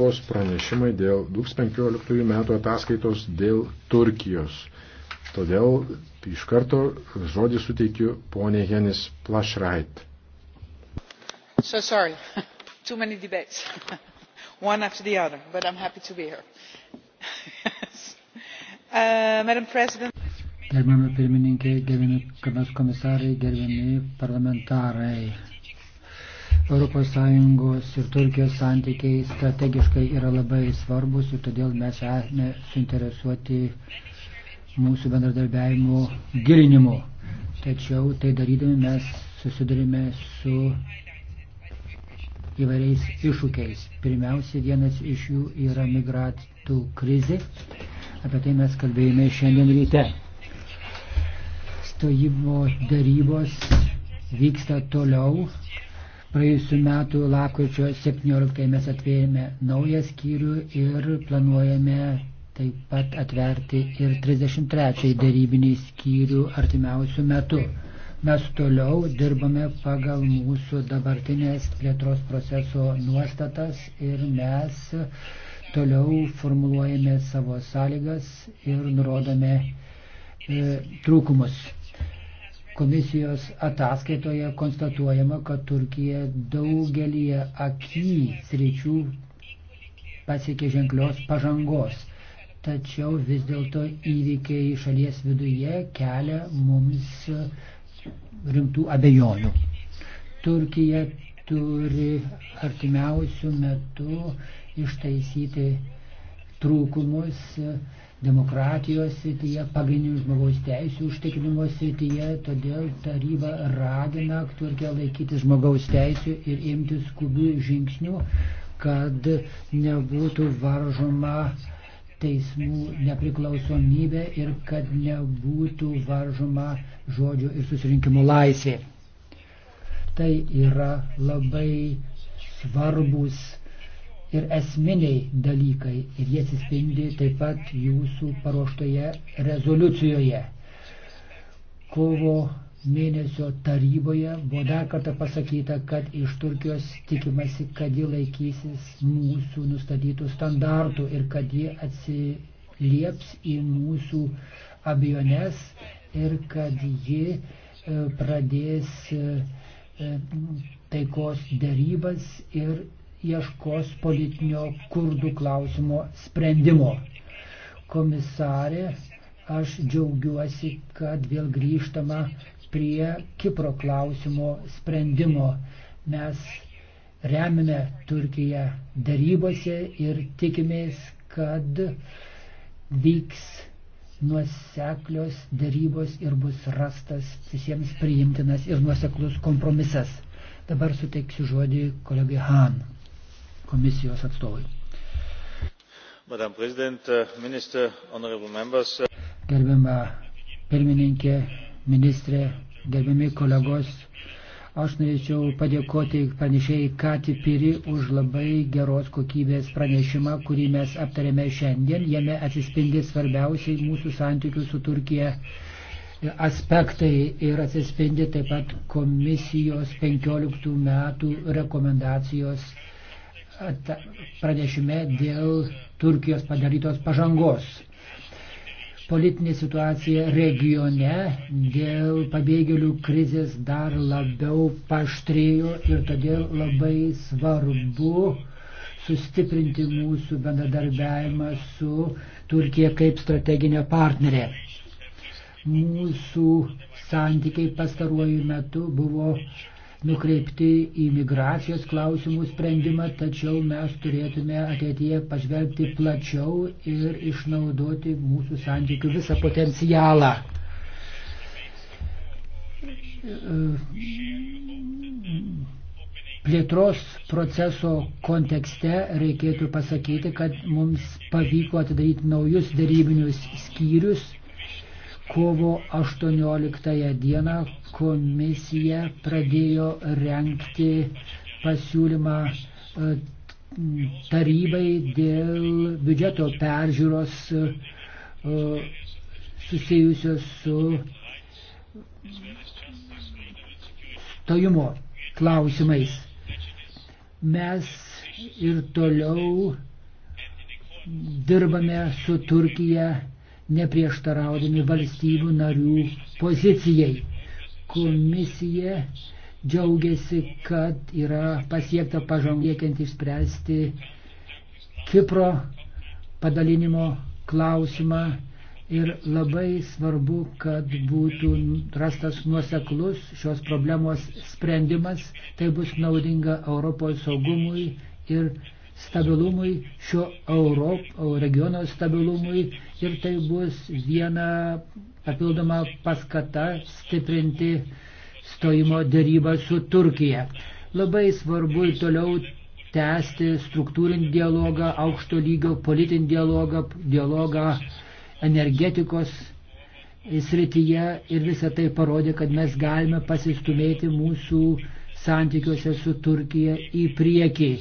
Vos pranešimai dėl 2015 metų ataskaitos dėl Turkijos. Todėl iš karto žodį suteikiu ponė Henis Plašrait. So sorry, too many debates, one after the other, but I'm happy to be here. yes. uh, Madam President. Gerbiami pirmininkai, gerbiami komisarai, gerbiami parlamentarai. ES ir Turkijos santykiai strategiškai yra labai svarbus ir todėl mes esame suinteresuoti mūsų bendradarbiavimo gilinimu. Tačiau tai darydami mes susidurime su įvairiais iššūkiais. Pirmiausia, vienas iš jų yra migratų krizė. Apie tai mes kalbėjome šiandien ryte. Stojimo darybos vyksta toliau Praėjusiu metu lakryčio 17 mes atvėjame naują skyrių ir planuojame taip pat atverti ir 33 darybinį skyrių artimiausių metų. Mes toliau dirbame pagal mūsų dabartinės plėtros proceso nuostatas ir mes toliau formuluojame savo sąlygas ir nurodome e, trūkumus. Komisijos ataskaitoje konstatuojama, kad Turkija daugelį akį sričių pasiekė ženklios pažangos. Tačiau vis dėlto įvykiai šalies viduje kelia mums rimtų abejonių. Turkija turi artimiausių metų ištaisyti trūkumus demokratijos srityje, pagrindinių žmogaus teisų užtikrinimo srityje, todėl taryba ragina Turkiją laikyti žmogaus teisų ir imti skubių žingsnių, kad nebūtų varžoma teismų nepriklausomybė ir kad nebūtų varžoma žodžio ir susirinkimų laisvė. Tai yra labai svarbus ir esminiai dalykai ir jie atsispindi taip pat jūsų paruoštoje rezoliucijoje. Kovo mėnesio taryboje buvo dar kartą pasakyta, kad iš Turkijos tikimasi, kad ji laikysis mūsų nustatytų standartų ir kad ji atsilieps į mūsų abejones ir kad ji e, pradės e, e, taikos dėrybas ir ieškos politinio kurdų klausimo sprendimo. Komisarė, aš džiaugiuosi, kad vėl grįžtama prie Kipro klausimo sprendimo. Mes remime Turkiją darybose ir tikimės, kad vyks nuoseklios darybos ir bus rastas visiems priimtinas ir nuoseklus kompromisas. Dabar suteiksiu žodį kolegai Han komisijos atstovai. Uh, uh, Gerbiama pirmininkė, ministrė, gerbiami kolegos, aš norėčiau padėkoti pranešėjai Kati Piri už labai geros kokybės pranešimą, kurį mes aptarėme šiandien. Jame atsispindi svarbiausiai mūsų santykių su Turkija aspektai ir atsispindi taip pat komisijos 15 metų rekomendacijos pranešime dėl Turkijos padarytos pažangos. Politinė situacija regione dėl pabėgėlių krizės dar labiau paštrėjo ir todėl labai svarbu sustiprinti mūsų bendradarbiavimą su Turkija kaip strateginė partnerė. Mūsų santykiai pastaruoju metu buvo uh, nukreipti į migracijos klausimų sprendimą, tačiau mes turėtume ateityje pažvelgti plačiau ir išnaudoti mūsų santykių visą potencialą. Plėtros proceso kontekste reikėtų pasakyti, kad mums pavyko atidaryti naujus darybinius skyrius kovo 18 dieną, komisija pradėjo renkti pasiūlymą e, tarybai dėl biudžeto peržiūros e, susijusios su stojimo klausimais. Mes ir toliau dirbame su Turkija neprieštaraudami valstybių narių pozicijai. Komisija džiaugiasi, kad yra pasiekta pažangiekiant išspręsti Kipro padalinimo klausimą ir labai svarbu, kad būtų rastas nuoseklus šios problemos sprendimas. Tai bus naudinga Europos saugumui ir stabilumui, šio Europo regiono stabilumui ir tai bus viena papildoma paskata stiprinti stojimo dėrybą su Turkija. Labai svarbu ir toliau tęsti struktūrinį dialogą, aukšto lygio politinį dialogą, dialogą energetikos srityje ir visą tai parodė, kad mes galime pasistumėti mūsų santykiuose su Turkija į priekį.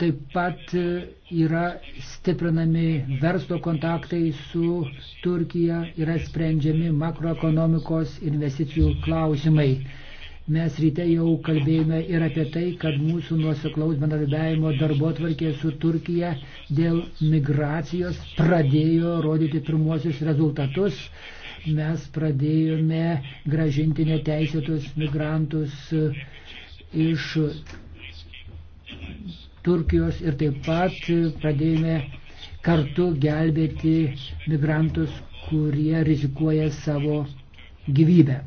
Taip pat yra stiprinami verslo kontaktai su Turkija, yra sprendžiami makroekonomikos investicijų klausimai. Mes ryte jau kalbėjome ir apie tai, kad mūsų nuoseklaus bendradarbiavimo darbo tvarkė su Turkija dėl migracijos pradėjo rodyti pirmosius rezultatus. Mes pradėjome gražinti neteisėtus migrantus iš Turkijos ir taip pat pradėjome kartu gelbėti migrantus, kurie rizikuoja savo gyvybę.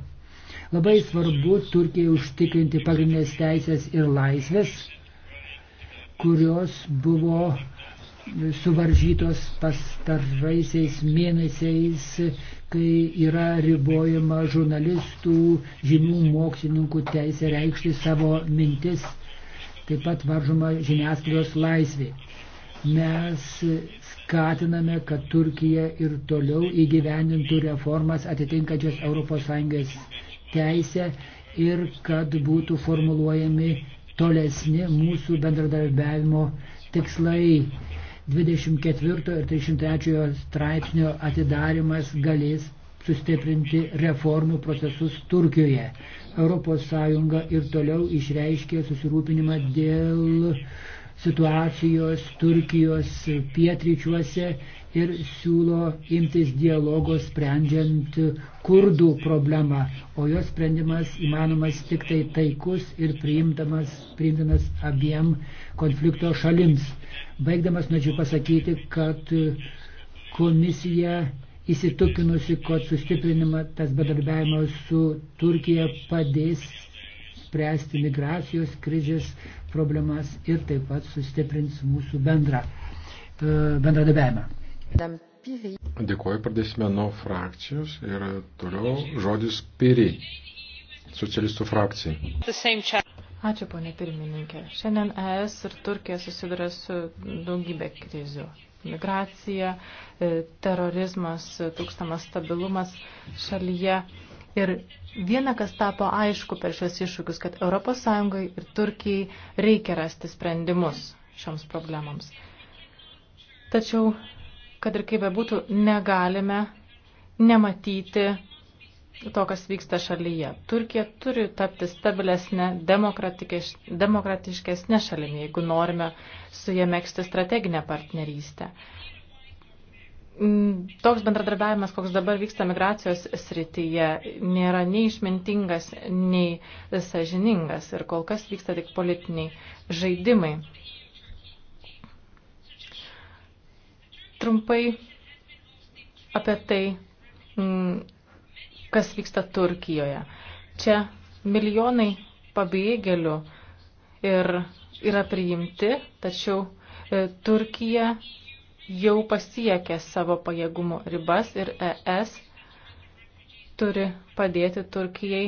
Labai svarbu Turkijai užtikrinti pagrindinės teisės ir laisvės, kurios buvo suvaržytos pastaraisiais mėnesiais, kai yra ribojama žurnalistų, žymių mokslininkų teisė reikšti savo mintis taip pat varžoma žiniasklaidos laisvė. Mes skatiname, kad Turkija ir toliau įgyvendintų reformas atitinkančias ES teisę ir kad būtų formuluojami tolesni mūsų bendradarbiavimo tikslai. 24 ir 33 straipsnio atidarimas galės sustiprinti reformų procesus Turkijoje. ES ir toliau išreiškė susirūpinimą dėl situacijos Turkijos pietryčiuose ir siūlo imtis dialogo sprendžiant kurdų problemą, o jos sprendimas įmanomas tik tai taikus ir priimtamas, priimtamas abiem konflikto šalims. Baigdamas norėčiau pasakyti, kad komisija įsitikinusi, kad sustiprinimas tas bedarbiavimas su Turkija padės spręsti migracijos krizės problemas ir taip pat sustiprins mūsų bendrą e, bendradarbiavimą. Dėkuoju, pradėsime nuo frakcijos ir toliau žodis Piri, socialistų frakcijai. Ačiū, ponė pirmininkė. Šiandien ES ir Turkija susiduria su daugybė krizių migracija, e, terorizmas, e, tūkstamas stabilumas šalyje. Ir viena, kas tapo aišku per šios iššūkius, kad ES ir Turkijai reikia rasti sprendimus šioms problemams. Tačiau, kad ir kaip bebūtų, negalime nematyti to, kas vyksta šalyje. Turkija turi tapti stabilesnė, demokratiškesnė šalimi, jeigu norime su jie mėgsti strateginę partnerystę. Mm, toks bendradarbiavimas, koks dabar vyksta migracijos srityje, nėra nei išmintingas, nei sažiningas ir kol kas vyksta tik politiniai žaidimai. Trumpai apie tai, mm, kas vyksta Turkijoje. Čia milijonai pabėgėlių ir yra priimti, tačiau e, Turkija jau pasiekė savo pajėgumo ribas ir ES turi padėti Turkijai,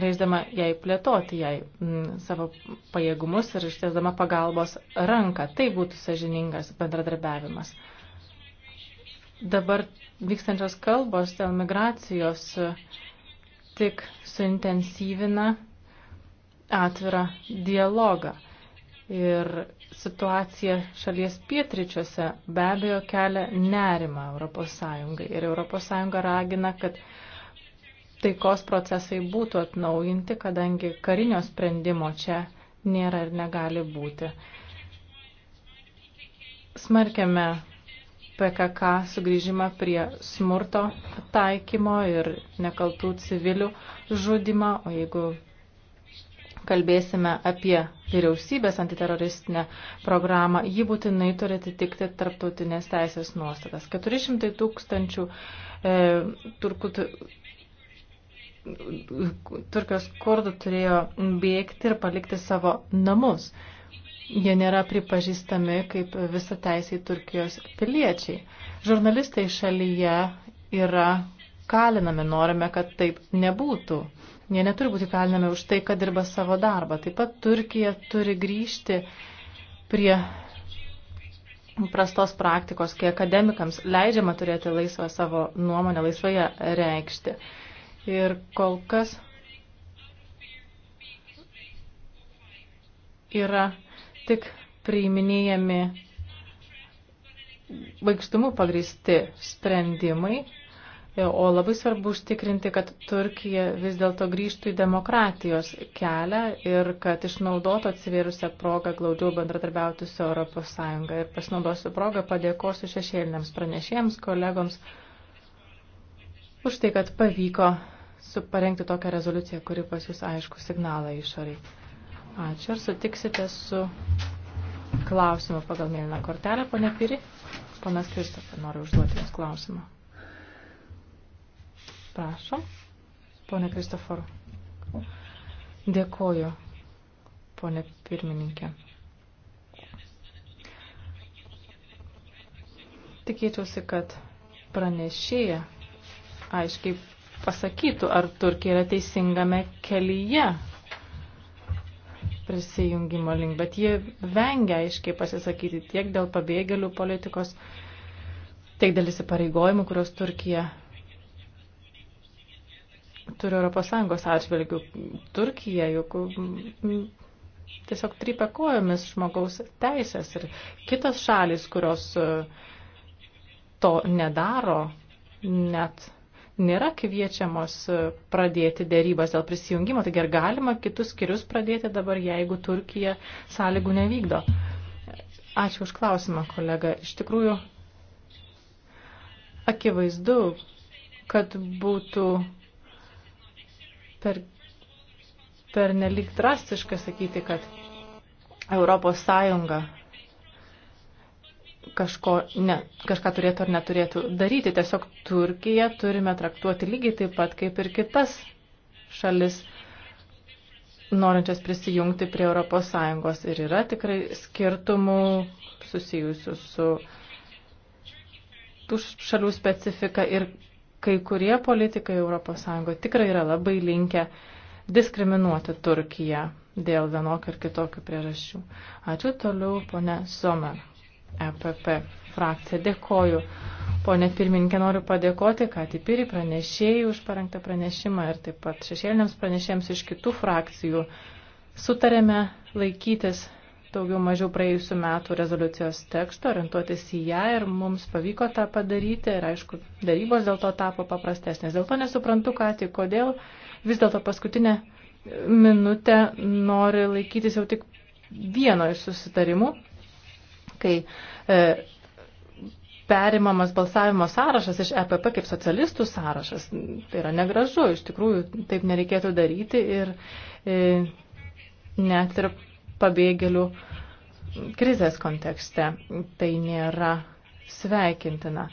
leisdama jai plėtoti jai m, savo pajėgumus ir ištiesdama pagalbos ranką. Tai būtų sažiningas bendradarbiavimas dabar vykstančios kalbos dėl migracijos e, tik suintensyvina atvirą dialogą. Ir situacija šalies pietričiuose be abejo kelia nerimą ES. Ir ES ragina, kad taikos procesai būtų atnaujinti, kadangi karinio sprendimo čia nėra ir negali būti. Smarkiame PKK sugrįžimą prie smurto taikymo ir nekaltų civilių žudimą, o jeigu kalbėsime apie vyriausybės antiteroristinę programą, ji būtinai turi atitikti tarptautinės teisės nuostatas. 400 tūkstančių e, turkų, Turkijos kurdų turėjo bėgti ir palikti savo namus jie nėra pripažįstami kaip visą teisę į Turkijos piliečiai. Žurnalistai šalyje yra kalinami, norime, kad taip nebūtų. Jie neturi būti kalinami už tai, kad dirba savo darbą. Taip pat Turkija turi grįžti prie prastos praktikos, kai akademikams leidžiama turėti laisvą savo nuomonę, laisvai ją reikšti. Ir kol kas yra tik priiminėjami vaikštumu pagristi sprendimai, o labai svarbu užtikrinti, kad Turkija vis dėlto grįžtų į demokratijos kelią ir kad išnaudotų atsivėrusią progą glaudžiau bendradarbiauti su Europos Sąjunga. Ir pasinaudosiu progą padėkosiu šešėliniams pranešėjams, kolegoms už tai, kad pavyko parengti tokią rezoliuciją, kuri pas jūs aišku signalą išoriai. Ačiū. Ar sutiksite su klausimu pagal mėlyną kortelę, ponė Piri? Ponas Kristofai nori užduoti Jums klausimą. Prašom. Pone Kristoforu. Dėkoju, ponė pirmininkė. Tikėčiausi, kad pranešėja aiškiai pasakytų, ar Turkija yra teisingame kelyje prisijungimo link, bet jie vengia aiškiai pasisakyti tiek dėl pabėgėlių politikos, tiek dėl įsipareigojimų, kurios Turkija turi Europos Sąjungos atžvilgių. Turkija juk tiesiog trypia kojomis žmogaus teisės ir kitos šalis, kurios e, to nedaro, net nėra kviečiamos e, pradėti dėrybas dėl prisijungimo, taigi ar galima kitus skirius pradėti dabar, jeigu Turkija sąlygų nevykdo? Ačiū už klausimą, kolega. Iš tikrųjų, akivaizdu, kad būtų per, per nelik drastiška sakyti, kad Europos Sąjunga kažko ne, kažką turėtų ar neturėtų daryti. Tiesiog Turkiją turime traktuoti lygiai taip pat kaip ir kitas šalis norinčias prisijungti prie Europos Sąjungos. Ir yra tikrai skirtumų susijusių su tų šalių specifika ir kai kurie politikai Europos Sąjungoje tikrai yra labai linkę diskriminuoti Turkiją dėl vienokio ir kitokių priežasčių. Ačiū toliau, ponė Somer. EPP frakcija. Dėkoju. Pone pirmininkė, noriu padėkoti, kad įpiri pranešėjai už parengtą pranešimą ir taip pat šešėliniams pranešėjams iš kitų frakcijų. Sutarėme laikytis daugiau mažiau praėjusių metų rezoliucijos teksto, orientuotis į ją ir mums pavyko tą padaryti ir aišku, darybos dėl to tapo paprastesnės. Dėl to nesuprantu, ką tik kodėl vis dėlto paskutinę minutę nori laikytis jau tik vieno iš susitarimų kai e, perimamas balsavimo sąrašas iš EPP kaip socialistų sąrašas. Tai yra negražu, iš tikrųjų taip nereikėtų daryti ir e, net ir pabėgėlių krizės kontekste tai nėra sveikintina.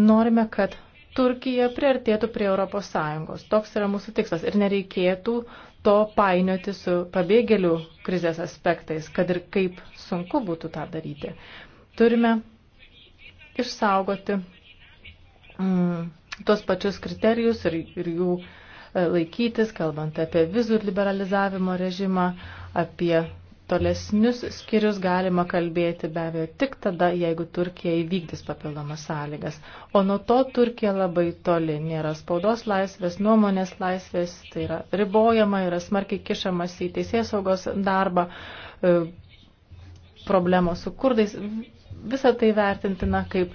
Norime, kad Turkija priartėtų prie Europos Sąjungos. Toks yra mūsų tikslas ir nereikėtų uh, to painioti su pabėgėlių krizės aspektais, kad ir kaip sunku būtų tą daryti. Turime išsaugoti mm, tuos pačius kriterijus ir, ir jų e, laikytis, kalbant apie vizų liberalizavimo režimą, apie tolesnius skirius galima kalbėti be abejo tik tada, jeigu Turkija įvykdys papildomas sąlygas. O nuo to Turkija labai toli. Nėra spaudos laisvės, nuomonės laisvės, tai yra ribojama, yra smarkiai kišamas į teisės saugos darbą, e, problemos su kurdais. Visą tai vertintina kaip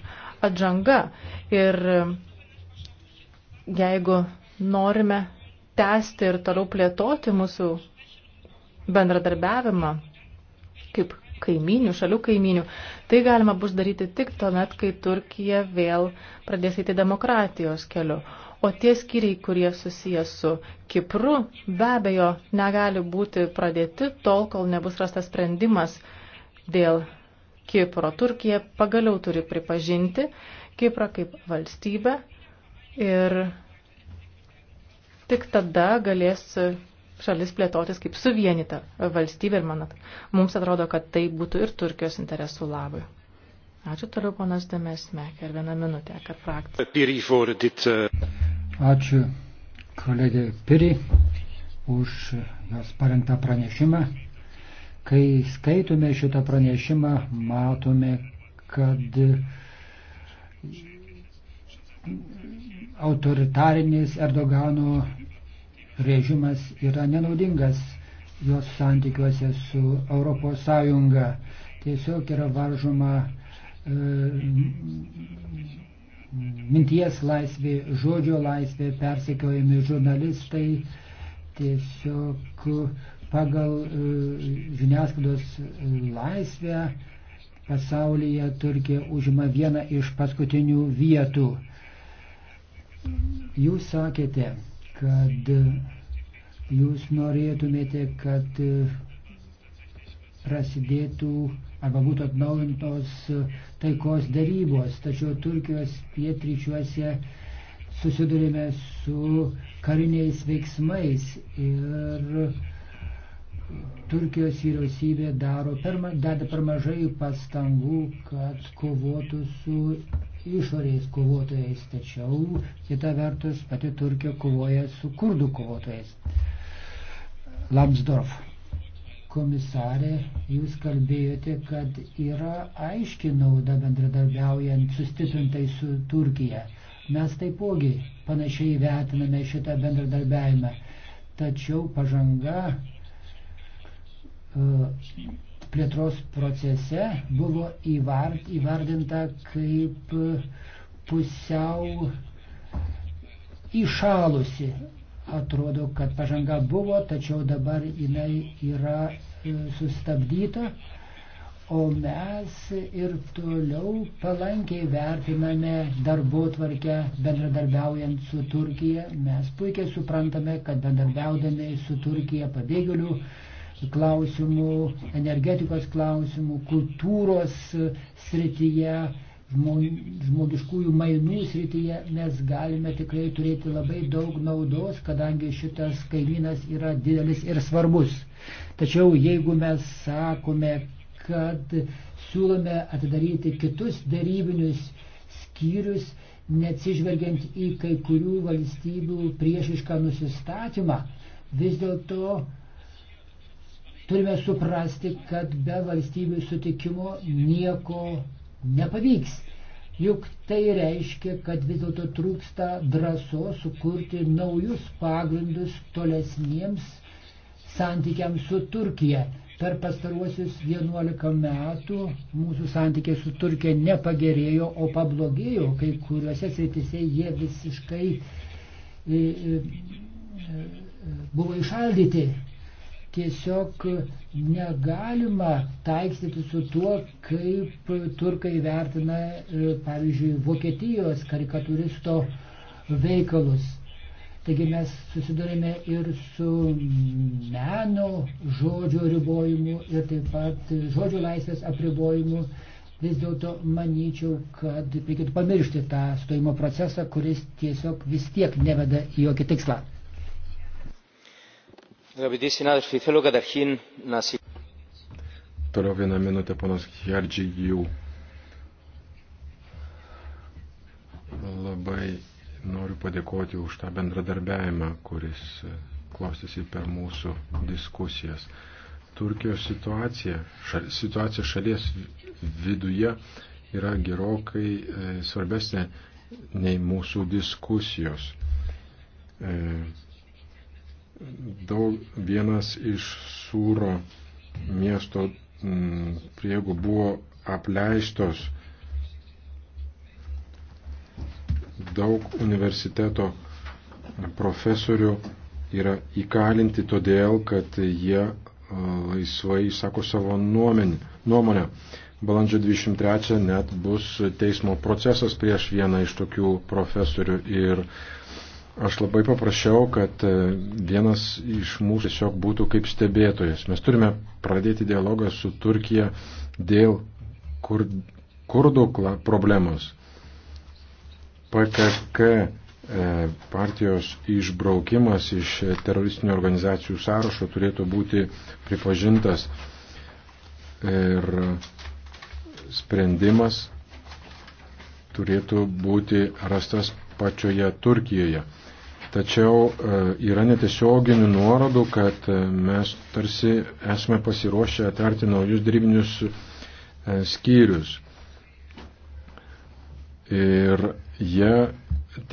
atžanga. Ir e, jeigu norime tęsti ir toliau plėtoti mūsų bendradarbiavimą kaip kaiminių, šalių kaiminių. Tai galima bus daryti tik tuomet, kai Turkija vėl pradės eiti demokratijos keliu. O tie skyriai, kurie susiję su Kipru, be abejo, negali būti pradėti tol, kol nebus rastas sprendimas dėl Kipro. Turkija pagaliau turi pripažinti Kiprą kaip valstybę ir tik tada galės šalis plėtotis kaip suvienita valstybė ir manat, mums atrodo, kad tai būtų ir Turkijos interesų labui. Ačiū toliau, ponas Demes Meker, vieną minutę, kad praktiškai. Uh, Ačiū kolegė Piri už jos parengtą pranešimą. Kai skaitome šitą pranešimą, matome, kad autoritarinis Erdogano režimas yra nenaudingas jos santykiuose su Europos Sąjunga. Tiesiog yra varžoma e, minties laisvė, žodžio laisvė, persekiojami žurnalistai tiesiog pagal e, žiniasklaidos e, laisvę pasaulyje Turkija užima vieną iš paskutinių vietų. Jūs sakėte, kad jūs norėtumėte, kad prasidėtų arba būtų atnaujintos taikos darybos, tačiau Turkijos pietryčiuose susidurime su kariniais veiksmais ir Turkijos vyriausybė daro per, deda per mažai pastangų, kad kovotų su išorės kovotojais, tačiau kita vertus pati Turkija kovoja su kurdų kovotojais. Lambsdorf. Komisarė, jūs kalbėjote, kad yra aiški nauda bendradarbiaujant sustiprintai su Turkija. Mes taipogi panašiai vertiname šitą bendradarbiavimą. Tačiau pažanga e, plėtros procese buvo įvart, įvardinta kaip pusiau įšalusi. Atrodo, kad pažanga buvo, tačiau dabar jinai yra e, sustabdyta, o mes ir toliau palankiai vertiname darbo tvarkę bendradarbiaujant su Turkija. Mes puikiai suprantame, kad bendradarbiaudami su Turkija pabėgėlių klausimų, energetikos klausimų, kultūros srityje, žmogiškųjų mainų srityje mes galime tikrai turėti labai daug naudos, kadangi šitas kaimynas yra didelis ir svarbus. Tačiau jeigu mes sakome, kad siūlome atidaryti kitus darybinius skyrius, neatsižvelgiant į kai kurių valstybių priešišką nusistatymą, vis dėlto Turime suprasti, kad be valstybių sutikimo nieko nepavyks. Juk tai reiškia, kad vis dėlto trūksta drąsos sukurti naujus pagrindus tolesniems santykiams su Turkija. Per pastaruosius 11 metų mūsų santykiai su Turkija nepagerėjo, o pablogėjo, kai kuriuose srityse jie visiškai e, e, e, buvo išaldyti tiesiog negalima taikstyti su tuo, kaip turkai vertina, e, pavyzdžiui, Vokietijos karikatūristo veikalus. Taigi mes susidurime ir su meno žodžio ribojimu ir taip pat žodžio laisvės apribojimu. Vis dėlto manyčiau, kad reikėtų pamiršti tą stojimo procesą, kuris tiesiog vis tiek neveda į jokį tikslą. Toliau vieną minutę ponas Hjardžijų. Labai noriu padėkoti už tą bendradarbiavimą, kuris e, klostėsi per mūsų diskusijas. Turkijos situacija, šal, situacija šalies viduje yra gerokai e, svarbesnė nei mūsų diskusijos. E, daug, vienas iš Sūro miesto mm, priegų buvo apleistos daug universiteto profesorių yra įkalinti todėl, kad jie laisvai išsako savo nuomenį, nuomonę. Balandžio 23 net bus teismo procesas prieš vieną iš tokių profesorių ir Aš labai paprašiau, kad e, vienas iš mūsų tiesiog būtų kaip stebėtojas. Mes turime pradėti dialogą su Turkija dėl kur, kurdų problemos. PKK e, partijos išbraukimas iš teroristinių organizacijų sąrašo turėtų būti pripažintas ir sprendimas turėtų būti rastas pačioje Turkijoje. Tačiau e, yra netiesioginių nuorodų, kad e, mes tarsi esame pasiruošę atverti naujus darybinius e, skyrius. Ir jie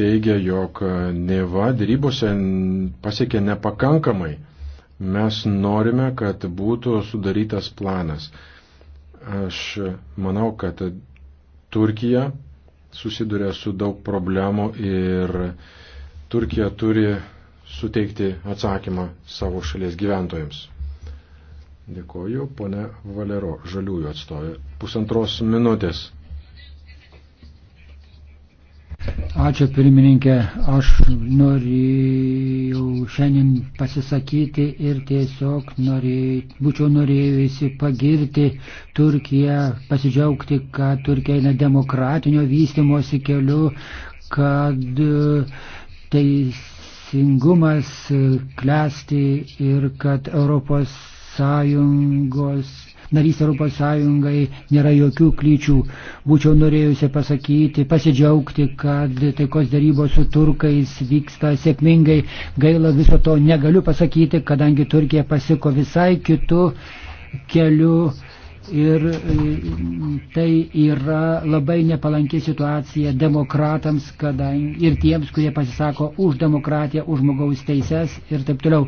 teigia, jog neva darybose pasiekė nepakankamai. Mes norime, kad būtų sudarytas planas. Aš manau, kad Turkija susiduria su daug problemų ir Turkija turi suteikti atsakymą savo šalies gyventojams. Dėkoju, ponė Valero, žaliųjų atstovė. Pusantros minutės. Ačiū pirmininkė, aš norėjau šiandien pasisakyti ir tiesiog norėjau, būčiau norėjusi pagirti Turkiją, pasidžiaugti, kad Turkija eina demokratinio vystimosi keliu, kad uh, teisingumas klesti ir kad Europos Sąjungos, narys Europos Sąjungai nėra jokių kliūčių. Būčiau norėjusi pasakyti, pasidžiaugti, kad taikos darybos su turkais vyksta sėkmingai. Gaila viso to negaliu pasakyti, kadangi Turkija pasiko visai kitų kelių ir e, tai yra labai nepalanki situacija demokratams kadangi, ir tiems, kurie pasisako už demokratiją, už žmogaus teises ir taip toliau.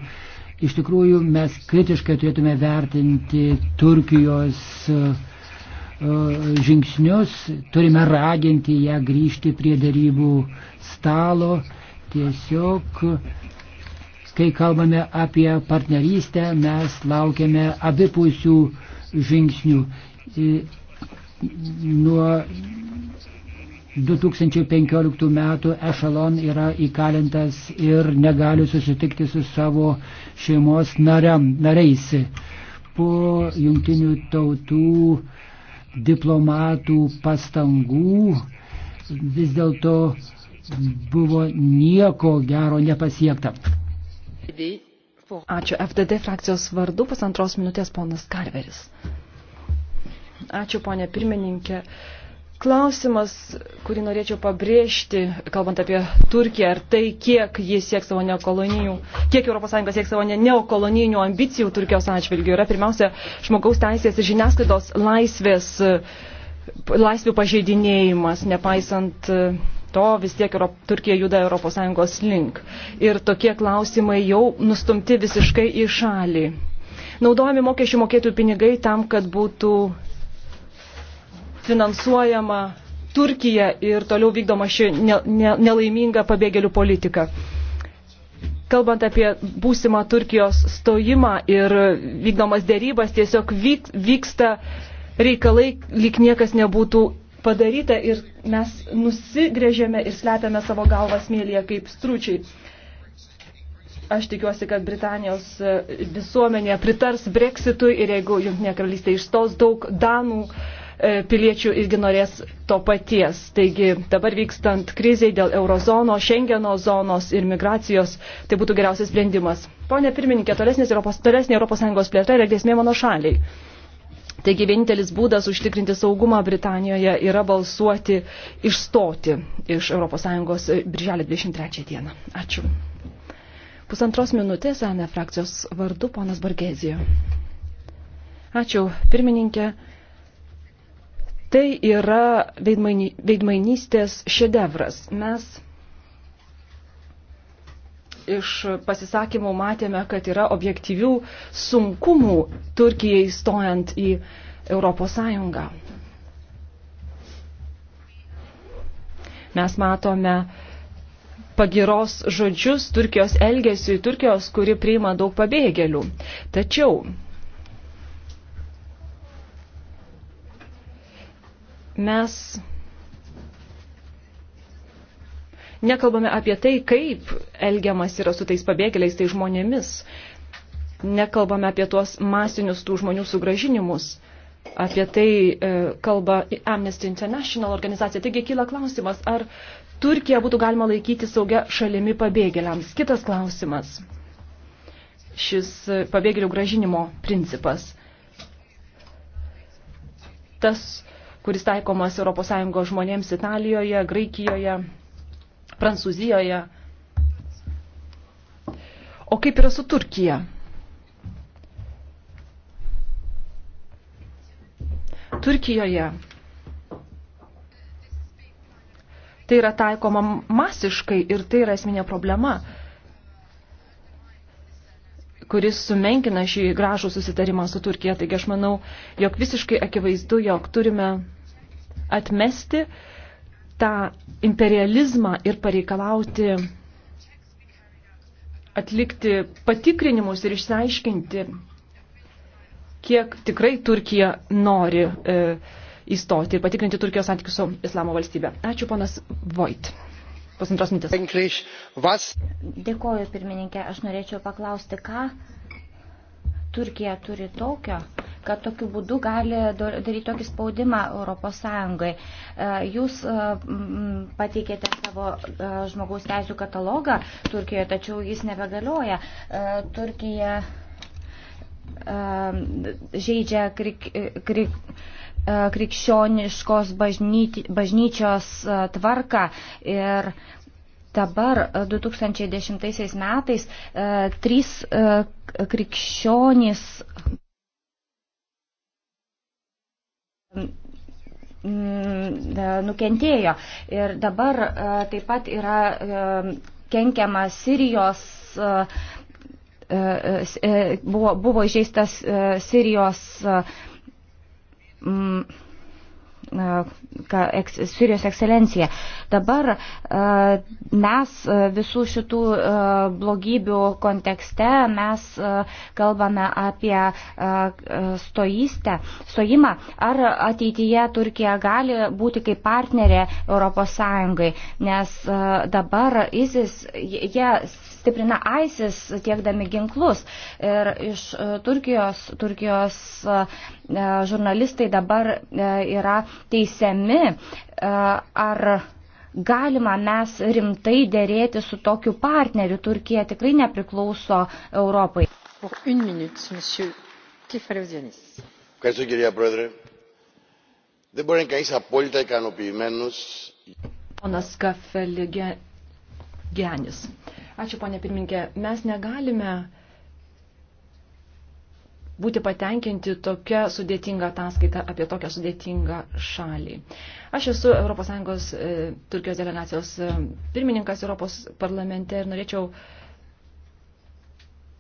Iš tikrųjų, mes kritiškai turėtume vertinti Turkijos e, e, žingsnius, turime raginti ją grįžti prie darybų stalo. Tiesiog kai kalbame apie partnerystę, mes laukiame abipusių žingsnių nuo 2015 metų Echelon yra įkalintas ir negali susitikti su savo šeimos nariam, nariais. Po jungtinių tautų diplomatų pastangų vis dėlto buvo nieko gero nepasiekta. Ačiū. FDD frakcijos vardu pusantros minutės ponas Karveris. Ačiū, ponė pirmininkė. Klausimas, kurį norėčiau pabrėžti, kalbant apie Turkiją, ar tai, kiek jis sieks savo neokolonijų, kiek ES sieks savo neokolonijų ambicijų Turkijos atžvilgių, yra pirmiausia žmogaus teisės ir žiniasklaidos laisvės, laisvių pažeidinėjimas, nepaisant to vis tiek Europ, Turkija juda ES link. Ir tokie klausimai jau nustumti visiškai į šalį. Naudojami mokesčių mokėtojų pinigai tam, kad būtų finansuojama Turkija ir toliau vykdoma ši ne, ne, nelaiminga pabėgėlių politika. Kalbant apie būsimą Turkijos stojimą ir vykdomas dėrybas, tiesiog vyk, vyksta reikalai, lyg niekas nebūtų padaryta ir mes nusigrėžėme ir slepiame savo galvą smėlyje kaip stručiai. Aš tikiuosi, kad Britanijos e, visuomenė pritars breksitui ir jeigu Junktinė karalystė išstos daug danų e, piliečių irgi norės to paties. Taigi dabar vykstant kriziai dėl eurozono, Schengeno zonos ir migracijos, tai būtų geriausias sprendimas. Pone pirmininkė, tolesnė Europos, tolesnė Europos Sąjungos plėtra yra grėsmė mano šaliai. Taigi vienintelis būdas užtikrinti saugumą Britanijoje yra balsuoti išstoti iš ES birželio 23 dieną. Ačiū. Pusantros minutės ANE frakcijos vardu ponas Bargezijo. Ačiū, pirmininkė. Tai yra veidmainystės šedevras. Mes iš pasisakymų matėme, kad yra objektyvių sunkumų Turkijai stojant į Europos Sąjungą. Mes matome pagiros žodžius Turkijos elgesiui, Turkijos, kuri priima daug pabėgėlių. Tačiau mes nekalbame apie tai, kaip elgiamas yra su tais pabėgėliais, tai žmonėmis. Nekalbame apie tuos masinius tų žmonių sugražinimus. Apie tai e, kalba Amnesty International organizacija. Taigi kyla klausimas, ar Turkiją būtų galima laikyti saugia šalimi pabėgėliams. Kitas klausimas. Šis pabėgėlių gražinimo principas. Tas, kuris taikomas ES žmonėms Italijoje, Graikijoje, Prancūzijoje. O kaip yra su Turkija? Turkijoje tai yra taikoma masiškai ir tai yra esminė problema, kuris sumenkina šį gražų susitarimą su Turkija. Taigi aš manau, jog visiškai akivaizdu, jog turime atmesti uh, tą imperializmą ir pareikalauti atlikti patikrinimus ir išsiaiškinti, kiek tikrai Turkija nori e, įstoti ir patikrinti Turkijos santykius su Islamo valstybe. Ačiū, ponas Vojt. Pusantros minutės. Dėkoju, pirmininkė. Aš norėčiau paklausti, ką Turkija turi tokio, kad tokiu būdu gali daryti tokį spaudimą Europos Sąjungai. E, jūs e, pateikėte savo e, žmogaus teisų katalogą Turkijoje, tačiau jis nebegalioja. Turkija žaidžia krik, krik, krikščioniškos bažnyti, bažnyčios tvarką ir dabar 2010 metais trys krikščionys nukentėjo. Ir dabar e, taip pat yra e, kenkiama Sirijos, e, buvo, buvo įžeistas Sirijos Sirijos ekscelencija. Dabar mes visų šitų blogybių kontekste mes kalbame apie stojystę, stojimą. Ar ateityje Turkija gali būti kaip partnerė Europos Sąjungai, nes dabar ISIS, jie stiprina ISIS tiekdami ginklus. Ir iš Turkijos, Turkijos žurnalistai dabar yra teisiami, e, ar galima mes rimtai dėrėti su tokiu partneriu. Turkija tikrai nepriklauso Europai. Ευχαριστώ κυρία Πρόεδρε. Δεν μπορεί να κανείς απόλυτα ικανοποιημένος. Ponas Kafeligenis. Ačiū, ponė pirminkė. Mes negalime būti patenkinti tokia sudėtinga ataskaita apie tokią sudėtingą šalį. Aš esu ES e, Turkijos delegacijos e, pirmininkas Europos parlamente ir norėčiau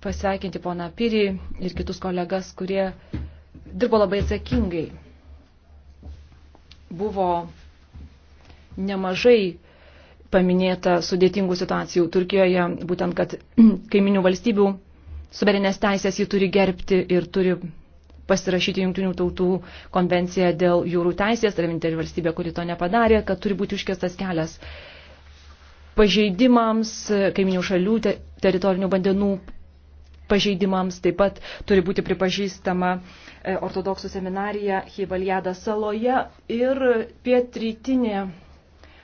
pasveikinti poną Pyrį ir kitus kolegas, kurie dirbo labai atsakingai. Buvo nemažai paminėta sudėtingų situacijų Turkijoje, būtent kad kaiminių valstybių suverenės teisės ji turi gerbti ir turi pasirašyti Junktinių tautų konvenciją dėl jūrų teisės, tai vienintelė valstybė, kuri to nepadarė, kad turi būti užkestas kelias pažeidimams, kaiminių šalių te, teritorinių vandenų pažeidimams, taip pat turi būti pripažįstama e, ortodoksų seminarija Hivaljada saloje ir pietrytinė,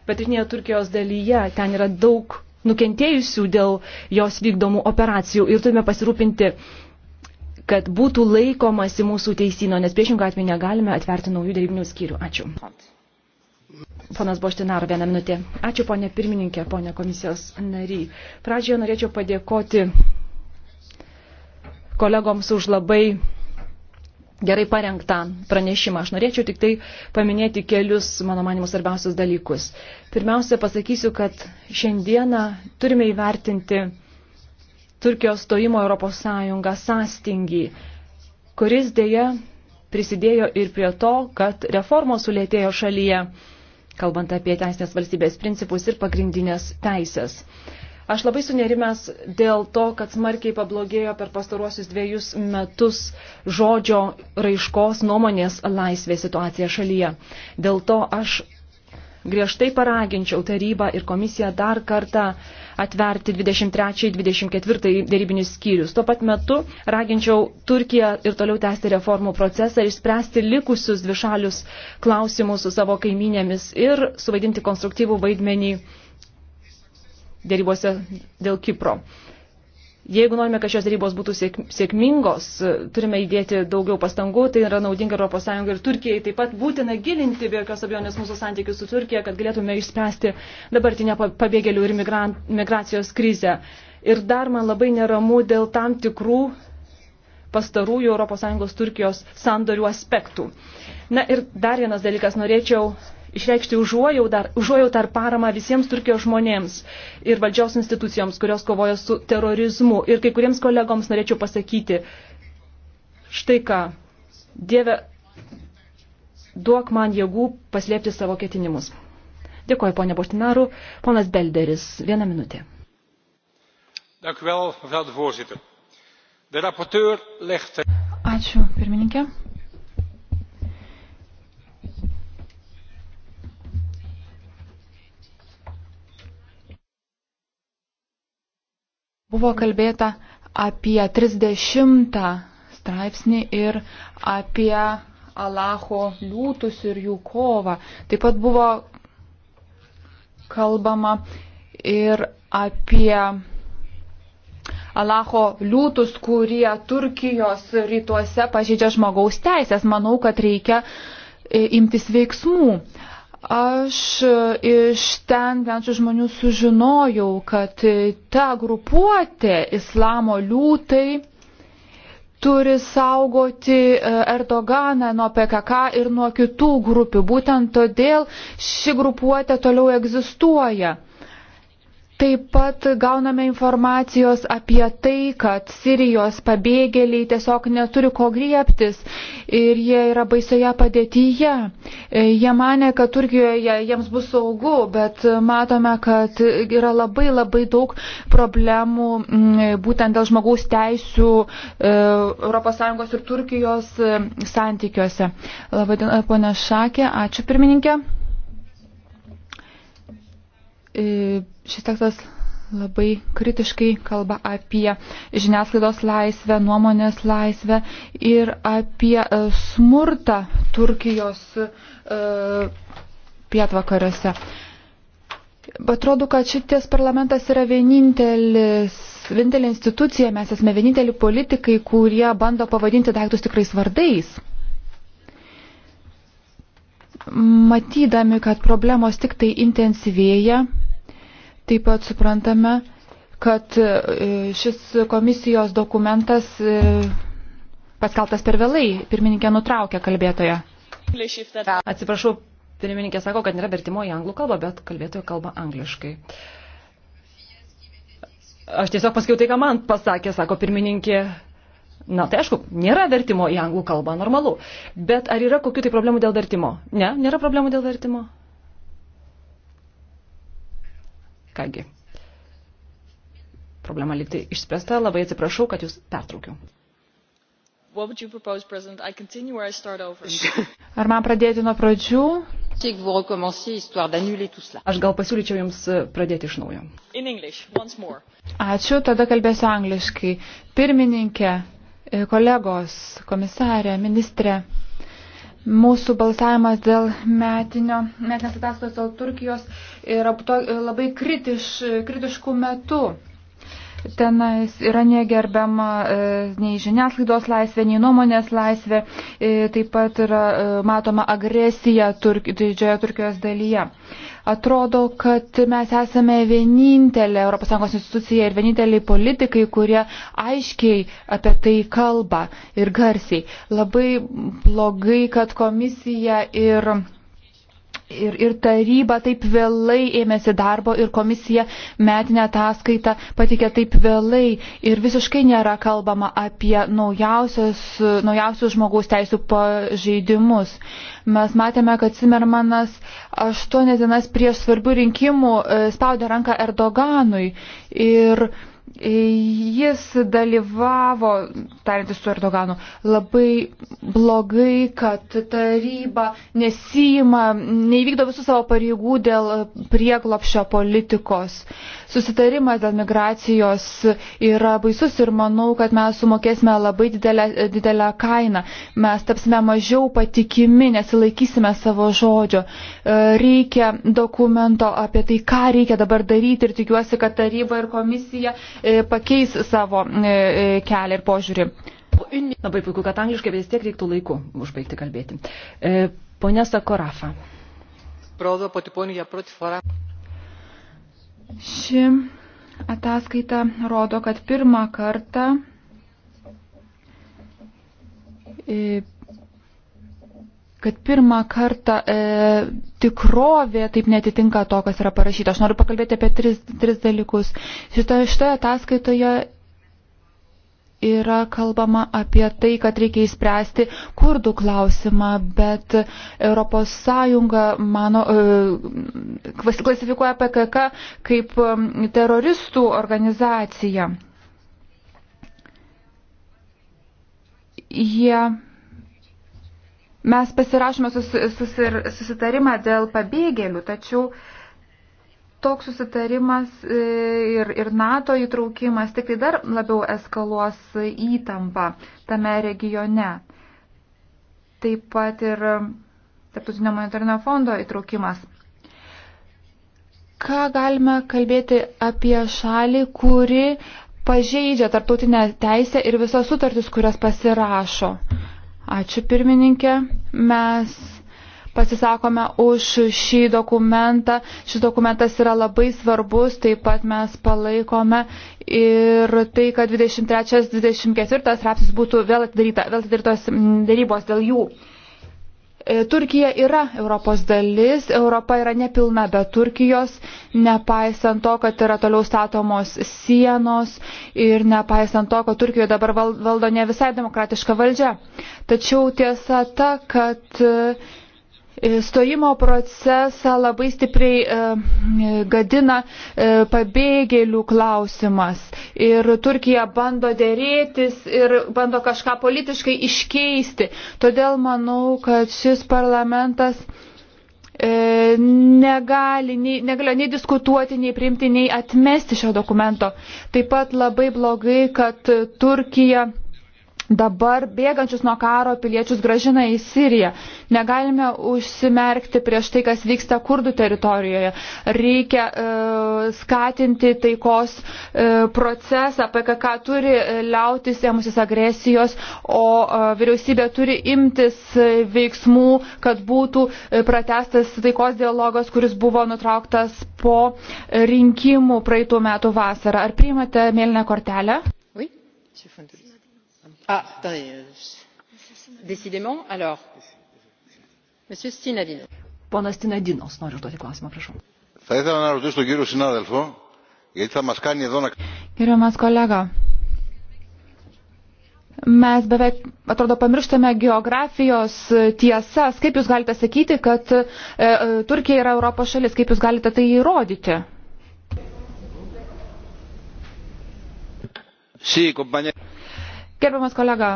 pietrytinėje Turkijos dalyje ten yra daug nukentėjusių dėl jos vykdomų operacijų ir turime pasirūpinti, kad būtų laikomasi mūsų teisino, nes priešingą atveju negalime atverti naujų dėrybinių skyrių. Ačiū. Ponas Boštinar, vieną minutę. Ačiū, ponė pirmininkė, ponė komisijos nary. Pradžioje norėčiau padėkoti kolegoms už labai gerai parengtą pranešimą. Aš norėčiau tik tai paminėti kelius, mano manimu, svarbiausius dalykus. Pirmiausia, pasakysiu, kad šiandieną turime įvertinti Turkijos stojimo Europos Sąjungą sąstingį, kuris dėja prisidėjo ir prie to, kad reformos sulėtėjo šalyje, kalbant apie teisinės valstybės principus ir pagrindinės teisės. Aš labai sunerimęs dėl to, kad smarkiai pablogėjo per pastaruosius dviejus metus žodžio raiškos nuomonės laisvė situacija šalyje. Dėl to aš griežtai paraginčiau tarybą ir komisiją dar kartą atverti 23-24 dėrybinius skyrius. Tuo pat metu raginčiau Turkiją ir toliau tęsti reformų procesą ir spręsti likusius dvišalius klausimus su savo kaiminėmis ir suvaidinti konstruktyvų vaidmenį dėrybose dėl Kipro. Jeigu norime, kad šios dėrybos būtų sėkmingos, turime įdėti daugiau pastangų, tai yra naudinga ES ir Turkijai. Taip pat būtina gilinti, be jokios abejonės, mūsų santykius su Turkija, kad galėtume išspręsti dabartinę pabėgėlių ir migracijos krizę. Ir dar man labai neramu dėl tam tikrų pastarųjų ES Turkijos sandorių aspektų. Na ir dar vienas dalykas, norėčiau išreikšti užuojautą užuojaut ar paramą visiems Turkijos žmonėms ir valdžios institucijoms, kurios kovoja su terorizmu. Ir kai kuriems kolegoms norėčiau pasakyti, štai ką, Dieve, duok man jėgų paslėpti savo ketinimus. Dėkuoju, ponė Boštinaru. Ponas Belderis, vieną minutę. Dank u wel, mevrouw de voorzitter Ačiū, pirmininkė. Buvo kalbėta apie 30 straipsnį ir apie Alacho liūtus ir jų kovą. Taip pat buvo kalbama ir apie Alaho liūtus, kurie Turkijos rytuose pažydžia žmogaus teisės. Manau, kad reikia e, imtis veiksmų. Aš e, iš ten gyvenčių žmonių sužinojau, kad e, ta grupuotė islamo liūtai turi saugoti Erdoganą nuo PKK ir nuo kitų grupių. Būtent todėl ši grupuotė toliau egzistuoja. Taip pat gauname informacijos apie tai, kad Sirijos pabėgėliai tiesiog neturi ko griebtis ir jie yra baisioje padėtyje. E, jie mane, kad Turkijoje jiems bus saugu, bet matome, kad yra labai labai daug problemų būtent dėl žmogaus teisų ES ir Turkijos e, santykiuose. Labai diena, ponia Šakė, ačiū pirmininkė. E, šis tekstas labai kritiškai kalba apie žiniasklaidos laisvę, nuomonės laisvę ir apie e, smurtą Turkijos e, pietvakariuose. Atrodo, kad šities parlamentas yra vienintelis, vienintelė institucija, mes esame vieninteliai politikai, kurie bando pavadinti daiktus tikrais vardais matydami, kad problemos tik tai intensyvėja, taip pat suprantame, kad e, šis komisijos dokumentas e, paskeltas per vėlai, pirmininkė nutraukė kalbėtoje. Atsiprašau, pirmininkė sako, kad nėra vertimo į anglų kalbą, bet kalbėtojo kalba angliškai. Aš tiesiog pasakiau tai, ką man pasakė, sako pirmininkė Na, tai aišku, nėra vertimo į anglų kalbą, normalu. Bet ar yra kokių tai problemų dėl vertimo? Ne, nėra problemų dėl vertimo. Kągi. Problema likti išspręsta, labai atsiprašau, kad jūs pertraukiu. Ar man pradėti nuo pradžių? Aš gal pasiūlyčiau Jums e, pradėti iš naujo. Ačiū, tada kalbėsiu angliškai. Pirmininkė, kolegos, komisarė, ministrė. Mūsų balsavimas dėl metinio, metinės ataskaitos dėl Turkijos yra to, labai kritiš, kritiškų metų tenais yra negerbiama e, nei žiniasklaidos laisvė, nei nuomonės laisvė, e, taip pat yra e, matoma agresija Turk, didžiojo Turkijos dalyje. Atrodo, kad mes esame vienintelė ES institucija ir vieninteliai politikai, kurie aiškiai apie tai kalba ir garsiai. Labai blogai, kad komisija ir ir, ir taryba taip vėlai ėmėsi darbo ir komisija metinę ataskaitą patikė taip vėlai ir visiškai nėra kalbama apie naujausius, naujausius žmogaus teisų pažeidimus. Mes matėme, kad Cimermanas aštuonias dienas prieš svarbių rinkimų e, spaudė ranką Erdoganui ir Jis dalyvavo, tarintis su Erdoganu, labai blogai, kad taryba nesijima, neįvykdo visų savo pareigų dėl prieglopšio politikos. Susitarimas dėl migracijos yra baisus ir manau, kad mes sumokėsime labai didelę, didelę kainą. Mes tapsime mažiau patikimi, nesilaikysime savo žodžio. E, reikia dokumento apie tai, ką reikia dabar daryti ir tikiuosi, kad taryba ir komisija E, pakeis savo e, e, kelią ir požiūrį. Labai puiku, kad angliškai vis tiek reiktų laiku užbaigti kalbėti. Pone Sakorafa. Ši ataskaita rodo, kad pirmą kartą kad pirmą kartą e, tikrovė taip netitinka to, kas yra parašyta. Aš noriu pakalbėti apie tris, tris dalykus. Šitoje, šitoje ataskaitoje yra kalbama apie tai, kad reikia įspręsti kurdų klausimą, bet ES mano, e, klasifikuoja PKK kaip teroristų organizaciją. Jie Mes pasirašome sus, sus, susitarimą dėl pabėgėlių, tačiau toks susitarimas e, ir, ir NATO įtraukimas tik tai dar labiau eskaluos įtampą tame regione. Taip pat ir Tarptautinio monitorinio fondo įtraukimas. Ką galime kalbėti apie šalį, kuri pažeidžia tarptautinę teisę ir visas sutartis, kurias pasirašo? Ačiū pirmininkė. Mes pasisakome už šį dokumentą. Šis dokumentas yra labai svarbus, taip pat mes palaikome ir tai, kad 23-24 rapsis būtų vėl atidaryta, vėl atidarytos darybos dėl jų. E, Turkija yra Europos dalis, Europa yra nepilna be Turkijos, nepaisant to, kad yra toliau statomos sienos ir nepaisant to, kad Turkijoje dabar valdo ne visai demokratiška valdžia. Tačiau tiesa ta, kad stojimo procesą labai stipriai e, gadina e, pabėgėlių klausimas. Ir Turkija bando dėrėtis ir bando kažką politiškai iškeisti. Todėl manau, kad šis parlamentas e, negali, nei, negalėjo nei diskutuoti, nei priimti, nei atmesti šio dokumento. Taip pat labai blogai, kad Turkija dabar bėgančius nuo karo piliečius gražina į Siriją. Negalime užsimerkti prieš tai, kas vyksta kurdų teritorijoje. Reikia e, skatinti taikos e, procesą, PKK turi liautis ėmusis agresijos, o e, vyriausybė turi imtis veiksmų, kad būtų e, pratestas taikos dialogas, kuris buvo nutrauktas po rinkimų praeitų metų vasarą. Ar priimate mėlyną kortelę? Oui, Ah, euh, Ponas Tinadinos, noriu užduoti klausimą, prašau. Gerbiamas kolega, mes beveik, atrodo, pamirštame geografijos e, tiesas. Kaip jūs galite sakyti, kad e, e, Turkija yra Europos šalis? Kaip jūs galite tai įrodyti? Sí, compañero. Gerbiamas kolega,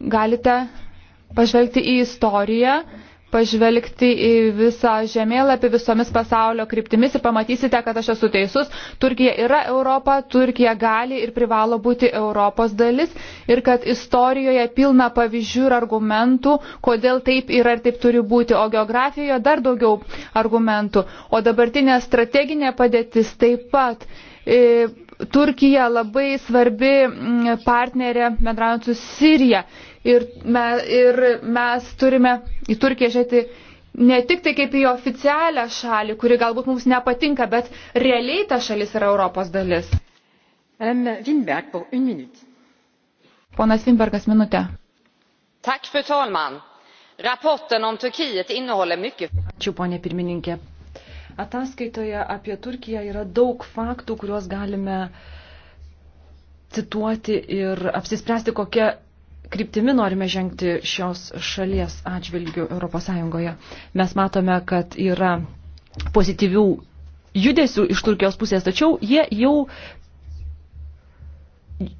galite pažvelgti į istoriją, pažvelgti į visą žemėlapį visomis pasaulio kryptimis ir pamatysite, kad aš esu teisus. Turkija yra Europa, Turkija gali ir privalo būti Europos dalis ir kad istorijoje pilna pavyzdžių ir argumentų, kodėl taip yra ir taip turi būti, o geografijoje dar daugiau argumentų. O dabartinė strateginė padėtis taip pat E, Turkija labai svarbi mm, partnerė bendraujant su Sirija. Ir, me, ir mes turime į Turkiją žiūrėti ne tik tai kaip į oficialią šalį, kuri galbūt mums nepatinka, bet realiai ta šalis yra Europos dalis. Ponas Vinbergas, minutė. Ačiū, ponė pirmininkė. Ataskaitoje apie Turkiją yra daug faktų, kuriuos galime cituoti ir apsispręsti, kokia kryptimi norime žengti šios šalies atžvilgių ES. Mes matome, kad yra pozityvių judesių iš Turkijos pusės, tačiau jie jau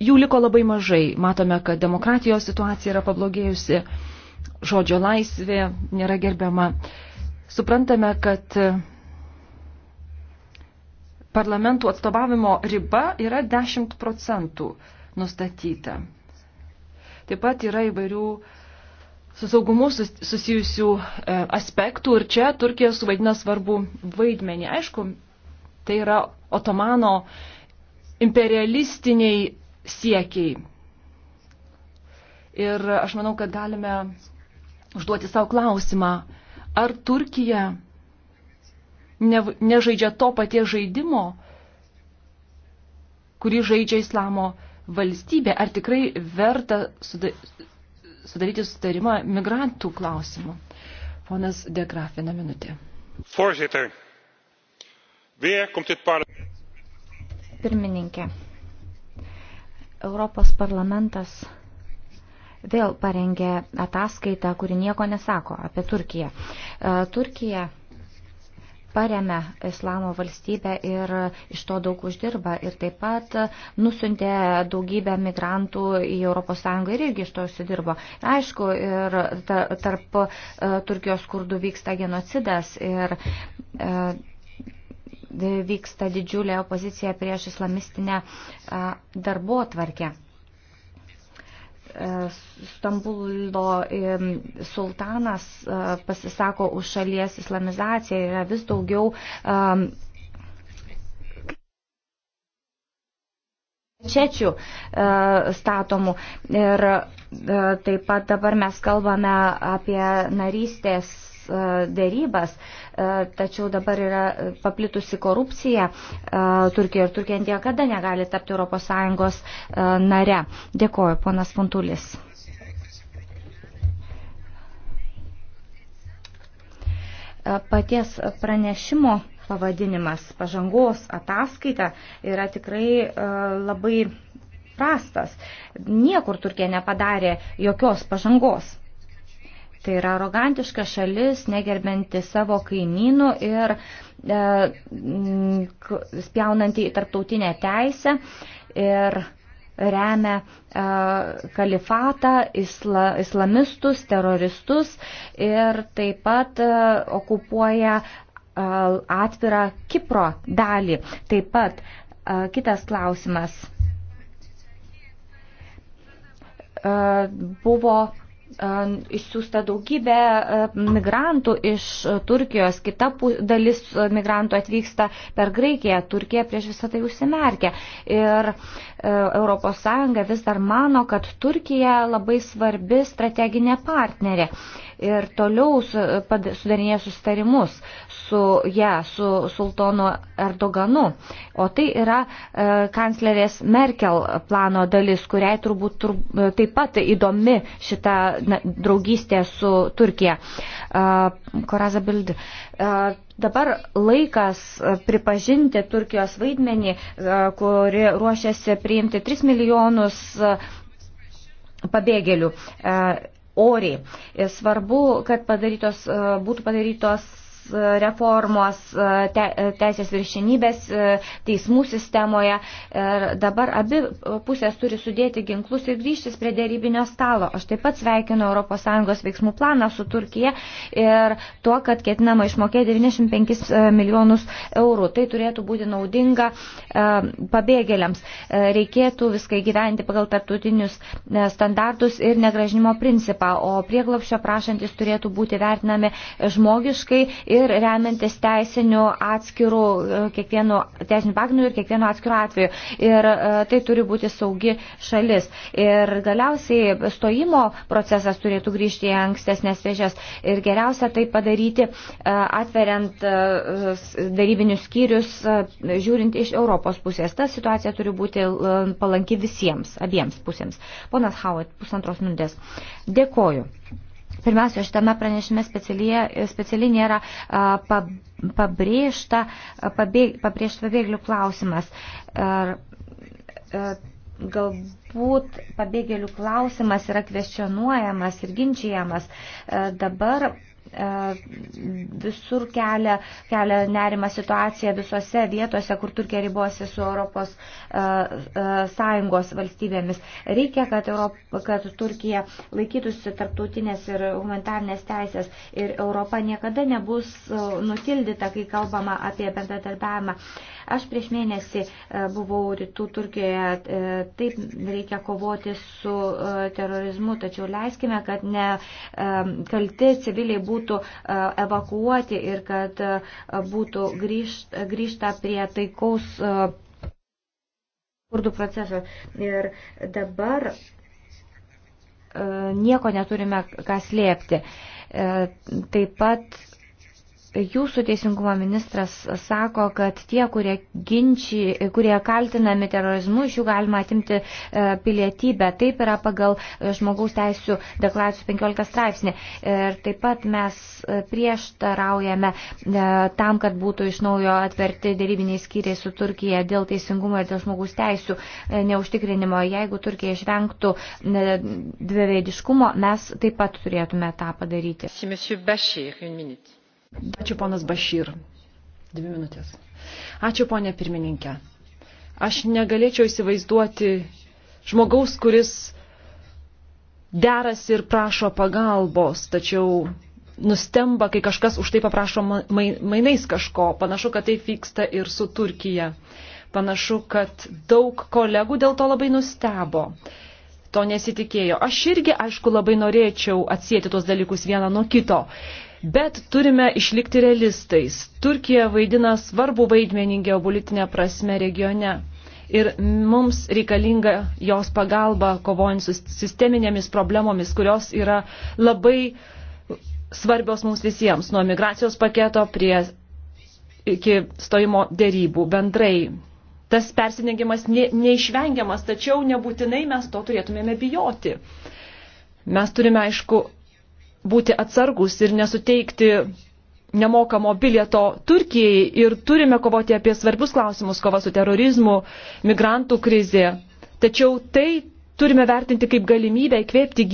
jų liko labai mažai. Matome, kad demokratijos situacija yra pablogėjusi, žodžio laisvė nėra gerbiama. Suprantame, kad parlamentų atstovavimo riba yra 10 procentų nustatyta. Taip pat yra įvairių su saugumu susijusių e, aspektų ir čia Turkija suvaidina svarbu vaidmenį. Aišku, tai yra otomano imperialistiniai siekiai. Ir aš manau, kad galime užduoti savo klausimą, ar Turkija ne, nežaidžia to paties žaidimo, kurį žaidžia islamo valstybė. Ar tikrai verta sudaryti sutarimą migrantų klausimų? Ponas Degraf, vieną minutę. Voorzitter, weer komt dit parlement. Pirmininkė, Europos parlamentas vėl parengė ataskaitą, kuri nieko nesako apie Turkiją. E, Turkija paremia Islamo valstybę ir iš to daug uždirba. Ir taip pat nusintė daugybę migrantų į ES ir irgi iš to užsidirbo. Aišku, ir tarp e, Turkijos kurdų vyksta genocidas. Ir, e, vyksta didžiulė opozicija prieš islamistinę e, darbo tvarkę. E, Stambulo e, sultanas e, pasisako už šalies islamizaciją ir yra vis daugiau čečių statomų. Ir taip pat dabar mes kalbame apie narystės E, dėrybas, e, tačiau dabar yra paplitusi korupcija e, Turkijoje ir Turkija niekada negali tapti ES nare. Dėkoju, ponas Puntulis. Paties pranešimo pavadinimas pažangos ataskaita yra tikrai labai prastas. Niekur Turkija nepadarė jokios pažangos. Tai yra arogantiška šalis, negerbinti savo kaimynų ir e, spjaunanti į tarptautinę teisę ir remia e, kalifatą, isla, islamistus, teroristus ir taip pat e, okupuoja e, atvirą Kipro dalį. Taip pat e, kitas klausimas. E, buvo išsiųsta daugybė migrantų iš Turkijos, kita dalis migrantų atvyksta per Graikiją, Turkija prieš visą tai užsimerkia. Ir ES vis dar mano, kad Turkija labai svarbi strateginė partnerė. Ir toliau sudarinėja sustarimus su ją, ja, su sultonu Erdoganu. O tai yra e, kanclerės Merkel plano dalis, kuriai turbūt tur, taip pat įdomi šita na, draugystė su Turkija. Koraza Bild. Dabar laikas pripažinti Turkijos vaidmenį, kuri ruošiasi priimti 3 milijonus pabėgėlių oriai. Svarbu, kad padarytos, būtų padarytos reformos e, te, e, teisės viršinybės e, teismų sistemoje. Ir dabar abi pusės turi sudėti ginklus ir grįžtis prie dėrybinio stalo. Aš taip pat sveikinu ES veiksmų planą su Turkija ir tuo, kad ketinama išmokėti 95 milijonus eurų. Tai turėtų būti naudinga pabėgėliams. Reikėtų viską gyventi pagal tartutinius standartus ir negražinimo principą, o prieglopščio prašantis turėtų būti vertinami žmogiškai ir remiantis teisiniu atskiru, e, kiekvienu teisiniu pagrindu ir kiekvienu atskiru atveju. Ir e, tai turi būti saugi šalis. Ir galiausiai stojimo procesas turėtų grįžti į ankstesnės vėžės. Ir geriausia tai padaryti e, atveriant darybinius skyrius, žiūrint iš Europos pusės. Ta situacija turi būti palanki visiems, abiems pusėms. Ponas Howard, pusantros minutės. Dėkoju. Pirmiausia, šitame pranešime specialiai, specialiai nėra pabrėžta, pabėg, pabrėžta pabėglių klausimas. Ir, e, galbūt pabėgėlių klausimas yra kvestionuojamas ir ginčiamas. E, dabar E, visur kelia, kelia nerima situacija visose vietose, kur Turkija ribose su Europos e, e, Sąjungos valstybėmis. Reikia, kad, Europ, kad Turkija laikytųsi tarptautinės ir humanitarnės teisės ir Europa niekada nebus nutildyta, kai kalbama apie bendradarbiavimą. Aš prieš mėnesį e, buvau rytų Turkijoje, e, taip reikia kovoti su e, terorizmu, tačiau leiskime, kad ne kalti civiliai būtų evakuoti ir kad būtų grįžta prie taikaus kurdų proceso. Ir dabar nieko neturime ką slėpti. Taip pat Jūsų teisingumo ministras sako, kad tie, kurie, ginči, kurie kaltinami terorizmu, iš jų galima atimti e, pilietybę. Taip yra pagal e, žmogaus teisų deklaracijų 15 straipsnį. Ir taip pat mes e, prieštaraujame tam, kad būtų iš naujo atverti dėrybiniai skyriai su Turkija dėl teisingumo ir dėl žmogaus teisų neužtikrinimo. Jeigu Turkija išvengtų dviveidiškumo, mes taip pat turėtume tą padaryti. Monsieur Bashir, une minute. Ačiū ponas Bašyr. Dvi minutės. Ačiū ponė pirmininkė. Aš negalėčiau įsivaizduoti žmogaus, kuris derasi ir prašo pagalbos, tačiau nustemba, kai kažkas už tai paprašo mainais kažko. Panašu, kad tai vyksta ir su Turkija. Panašu, kad daug kolegų dėl to labai nustebo to nesitikėjo. Aš irgi, aišku, labai norėčiau atsėti tuos dalykus vieną nuo kito. Bet turime išlikti realistais. Turkija vaidina svarbų vaidmenį geopolitinę prasme regione. Ir mums reikalinga jos pagalba kovojant su sisteminėmis problemomis, kurios yra labai svarbios mums visiems, nuo migracijos paketo prie iki stojimo dėrybų bendrai. Tas persidengimas ne, neišvengiamas, tačiau nebūtinai mes to turėtumėme bijoti. Mes turime, aišku, būti atsargus ir nesuteikti nemokamo bilieto Turkijai ir turime kovoti apie svarbius klausimus, kova su terorizmu, migrantų krizė. Tačiau tai turime vertinti kaip galimybę įkvėpti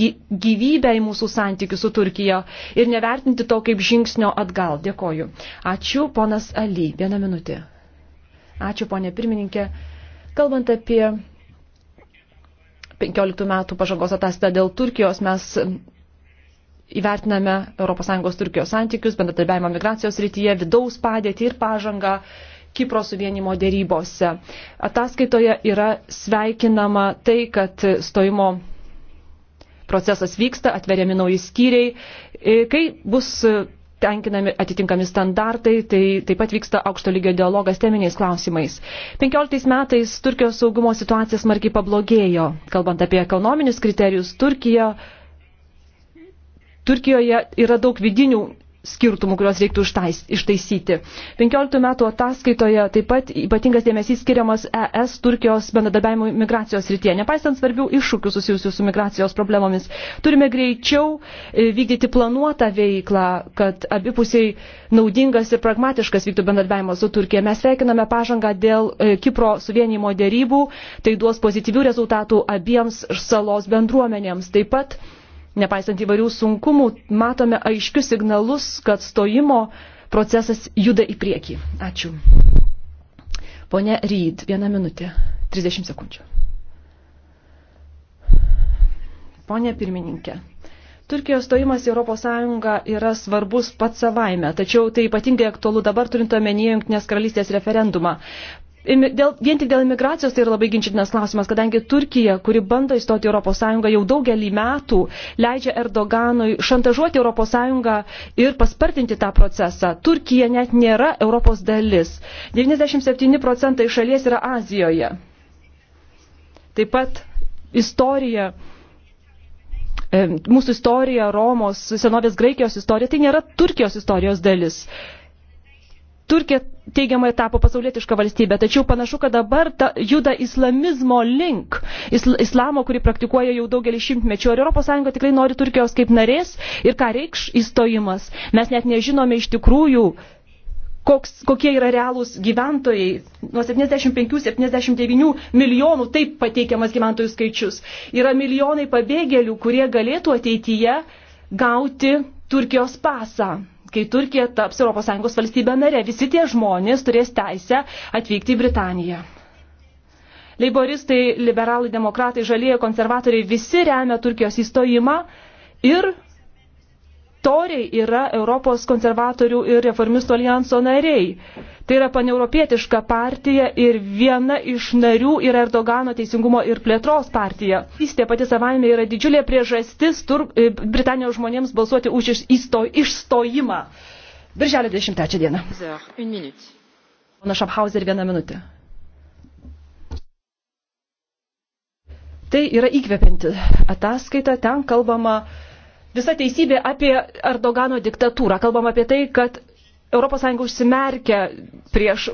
gyvybę į mūsų santykių su Turkija ir nevertinti to kaip žingsnio atgal. Dėkoju. Ačiū, ponas Ali. Vieną minutę. Ačiū, ponė pirmininkė. Kalbant apie 15 metų pažangos ataskaitą dėl Turkijos, mes įvertiname ES Turkijos santykius, bendradarbiavimą migracijos rytyje, vidaus padėtį ir pažangą Kipro suvienimo dėrybose. Ataskaitoje yra sveikinama tai, kad stojimo procesas vyksta, atveriami nauji skyriai. E, kai bus tenkinami atitinkami standartai, tai taip pat vyksta aukšto lygio dialogas teminiais klausimais. 15 metais Turkijos saugumo situacija smarkiai pablogėjo. Kalbant apie ekonominius kriterijus, Turkija Turkijoje yra daug vidinių skirtumų, kuriuos reiktų ištaisyti. 15 metų ataskaitoje taip pat ypatingas dėmesys skiriamas ES Turkijos bendradarbiavimui migracijos rytyje. Nepaisant svarbių iššūkių susijusių su migracijos problemomis, turime greičiau e, vykdyti planuotą veiklą, kad abipusiai naudingas ir pragmatiškas vyktų bendradarbiavimas su Turkija. Mes sveikiname pažangą dėl e, Kipro suvienimo dėrybų, tai duos pozityvių rezultatų abiems salos bendruomenėms. Taip pat Nepaisant įvairių sunkumų, matome aiškius signalus, kad stojimo procesas juda į priekį. Ačiū. Pone Ryd, vieną minutę, 30 sekundžių. Pone pirmininkė, Turkijos stojimas į ES yra svarbus pats savaime, tačiau tai ypatingai aktualu dabar turint omenyje Junktinės karalystės referendumą. Dėl, vien tik dėl imigracijos tai yra labai ginčytinas klausimas, kadangi Turkija, kuri bando įstoti Europos Sąjungą jau daugelį metų, leidžia Erdoganui šantažuoti Europos Sąjungą ir paspartinti tą procesą. Turkija net nėra Europos dalis. 97 procentai šalies yra Azijoje. Taip pat istorija, e, mūsų istorija, Romos, senovės Graikijos istorija, tai nėra Turkijos istorijos dalis. Turkija teigiamai tapo pasaulietiška valstybė, tačiau panašu, kad dabar ta juda islamizmo link, isl islamo, kurį praktikuoja jau daugelį šimtmečių. Ar ES tikrai nori Turkijos kaip narės ir ką reikš įstojimas? Mes net nežinome iš tikrųjų, koks, kokie yra realūs gyventojai. Nuo 75-79 milijonų taip pateikiamas gyventojų skaičius. Yra milijonai pabėgėlių, kurie galėtų ateityje gauti Turkijos pasą kai Turkija taps ES valstybė narė, visi tie žmonės turės teisę atvykti į Britaniją. Leiboristai, liberalai, demokratai, žalieji, konservatoriai visi remia Turkijos įstojimą ir toriai yra Europos konservatorių ir reformistų alijanso nariai. Tai yra paneuropietiška partija ir viena iš narių yra Erdogano teisingumo ir plėtros partija. Įstė pati savaime yra didžiulė priežastis tur, e, Britanijos žmonėms balsuoti už iš, įsto, išstojimą. Birželio 23 dieną. Pana Šaphauser vieną minutę. Tai yra įkvepianti ataskaita, ten kalbama visa teisybė apie Erdogano diktatūrą. Kalbam apie tai, kad ES užsimerkia prieš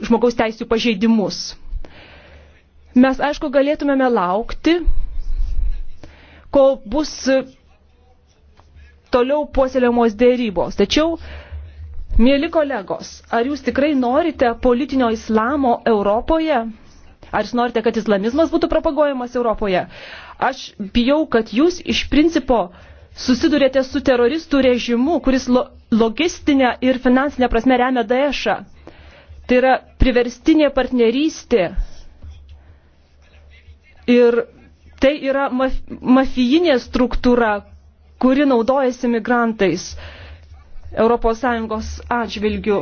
žmogaus teisų pažeidimus. Mes, aišku, galėtumėme laukti, kol bus toliau puoselėmos dėrybos. Tačiau, mėly kolegos, ar jūs tikrai norite politinio islamo Europoje? Ar jūs norite, kad islamizmas būtų propaguojamas Europoje? Aš bijau, kad jūs iš principo susidurėte su teroristų režimu, kuris lo, logistinę ir finansinę prasme remia Daešą. Tai yra priverstinė partnerystė. Ir tai yra maf, mafijinė struktūra, kuri naudojasi migrantais ES atžvilgių.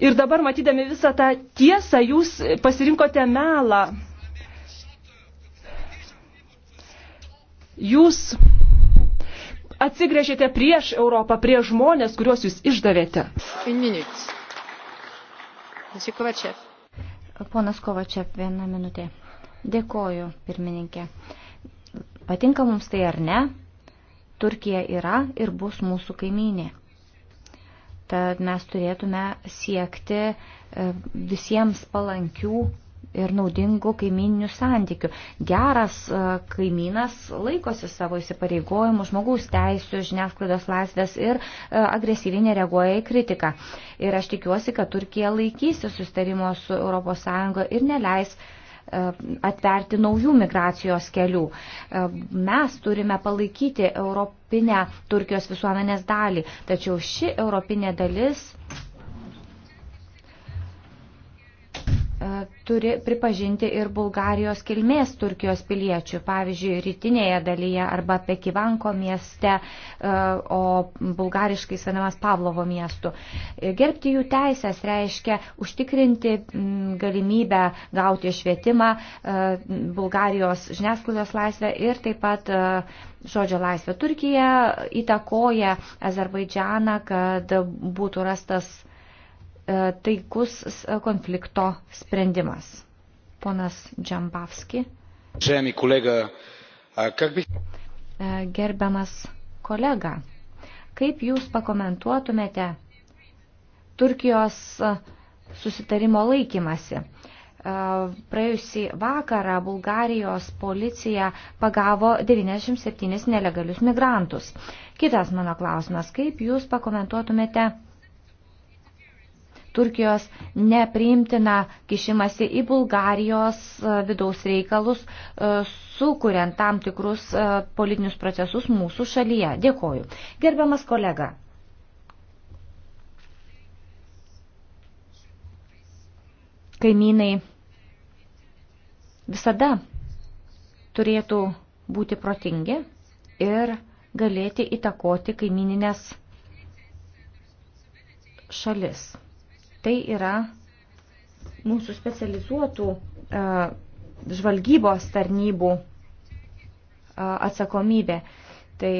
Ir dabar, matydami visą tą tiesą, jūs pasirinkote melą Jūs atsigrėžėte prieš Europą, prieš žmonės, kuriuos jūs išdavėte. Ponas Kovačev, vieną minutę. Dėkoju, pirmininkė. Patinka mums tai ar ne, Turkija yra ir bus mūsų kaimynė. Tad mes turėtume siekti e, visiems palankių ir naudingų kaimininių santykių. Geras e, kaimynas laikosi savo įsipareigojimų, žmogaus teisų, žiniasklaidos laisvės ir e, agresyviai nereaguoja į kritiką. Ir aš tikiuosi, kad Turkija laikysi sustarimo su ES ir neleis e, atverti naujų migracijos kelių. Mes turime palaikyti europinę Turkijos visuomenės dalį, tačiau ši europinė dalis turi pripažinti ir Bulgarijos kilmės Turkijos piliečių, pavyzdžiui, rytinėje dalyje arba Pekivanko mieste, e, o bulgariškai senamas Pavlovo miestu. E, gerbti jų teisės reiškia užtikrinti galimybę gauti švietimą, e, Bulgarijos žiniasklaidos laisvę ir taip pat žodžio laisvę. Turkija įtakoja Azerbaidžianą, kad būtų rastas E, taikus e, konflikto sprendimas. Ponas Džambavski. Žemi kolega, kak bi... E, gerbiamas kolega, kaip Jūs pakomentuotumėte Turkijos susitarimo laikymasi? Praėjusį vakarą Bulgarijos policija pagavo 97 nelegalius migrantus. Kitas mano klausimas, kaip Jūs pakomentuotumėte Turkijos nepriimtiną kišimasi į Bulgarijos e, vidaus reikalus, e, sukuriant tam tikrus e, politinius procesus mūsų šalyje. Dėkoju. Gerbiamas kolega. Kaimynai visada turėtų būti protingi ir galėti įtakoti kaimininės šalis. Tai yra mūsų specializuotų e, žvalgybos tarnybų e, atsakomybė. Tai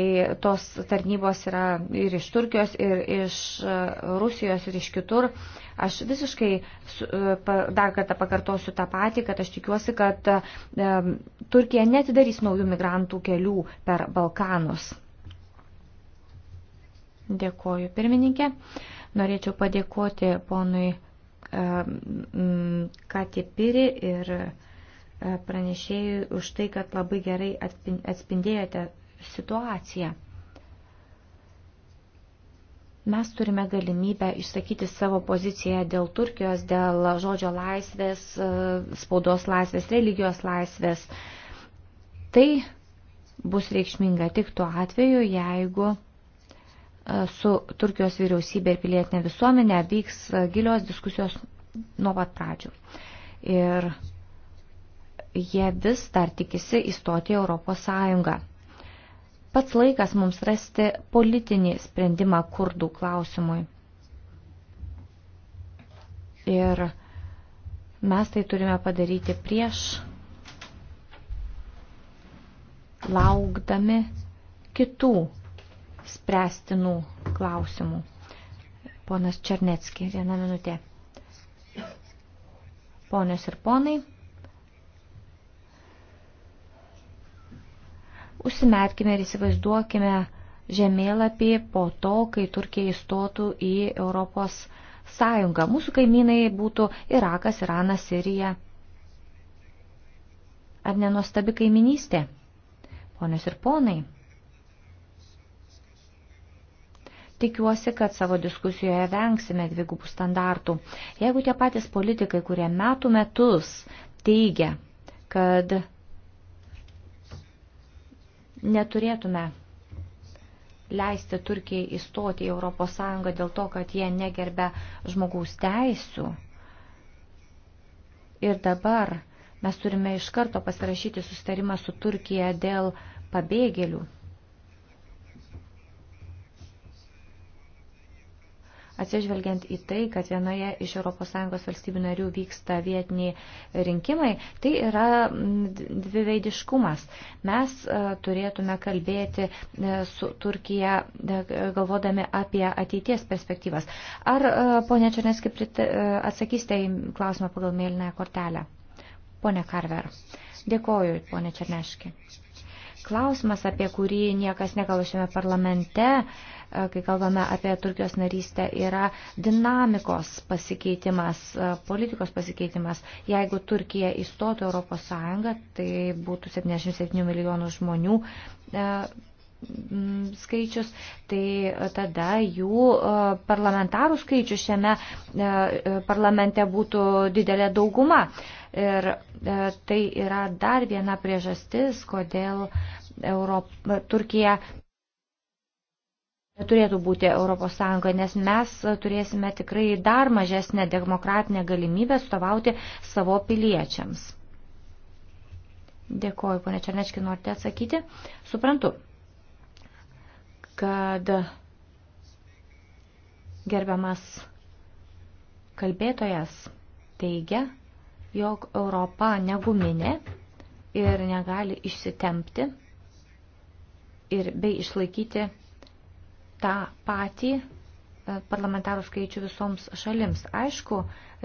tos tarnybos yra ir iš Turkijos, ir iš e, Rusijos, ir iš kitur. Aš visiškai dar kartą pakartosiu tą patį, kad aš tikiuosi, kad Turkija netidarys naujų migrantų kelių per Balkanus. Dėkoju, pirmininkė. Uh, Norėčiau padėkoti ponui e, Katipiri ir e, pranešėjui už tai, kad labai gerai atspindėjote situaciją. Mes turime galimybę išsakyti savo poziciją dėl Turkijos, dėl žodžio laisvės, e, spaudos laisvės, religijos laisvės. Tai bus reikšminga tik tuo atveju, jeigu E, su Turkijos vyriausybė ir pilietinė visuomenė vyks e, gilios diskusijos nuo pat pradžių. Ir jie vis dar tikisi įstoti į Europos Sąjungą. Pats laikas mums rasti politinį sprendimą kurdų klausimui. Ir mes tai turime padaryti prieš laukdami kitų spręstinų klausimų. Ponas Černecki, viena minutė. Ponios ir ponai, užsimerkime ir įsivaizduokime žemėlapį po to, kai Turkija įstotų į Europos Sąjungą. Mūsų kaimynai būtų Irakas, Iranas, Sirija. Ar nenuostabi kaiminystė? Ponios ir ponai. Tikiuosi, kad savo diskusijoje vengsime dvigubų standartų. Jeigu tie patys politikai, kurie metų metus teigia, kad neturėtume leisti Turkijai įstoti į ES dėl to, kad jie negerbė žmogaus teisų. Ir dabar mes turime iš karto pasirašyti sustarimą su Turkija dėl pabėgėlių. Atsižvelgiant į tai, kad vienoje iš ES valstybių narių vyksta vietiniai rinkimai, tai yra dviveidiškumas. Mes e, turėtume kalbėti e, su Turkija e, galvodami apie ateities perspektyvas. Ar, ponė Černeski, atsakysite į klausimą pagal mėlynąją kortelę? Pone Karver. Dėkoju, ponė Černeški. Klausimas, apie kurį niekas nekalba šiame parlamente, e, kai kalbame apie Turkijos narystę, yra dinamikos pasikeitimas, e, politikos pasikeitimas. Jeigu Turkija įstotų Europos Sąjungą, tai būtų 77 milijonų žmonių e, skaičius, tai tada jų parlamentarų skaičius šiame parlamente būtų didelė dauguma. Ir e, tai yra dar viena priežastis, kodėl Europ... Turkija turėtų būti Europos Sąjunga, nes mes turėsime tikrai dar mažesnę demokratinę galimybę stovauti savo piliečiams. Dėkoju, ponė Černečki, norite atsakyti? Suprantu, kad gerbiamas kalbėtojas teigia, jog Europa neguminė ir negali išsitempti ir bei išlaikyti tą patį e, parlamentarų skaičių visoms šalims. Aišku,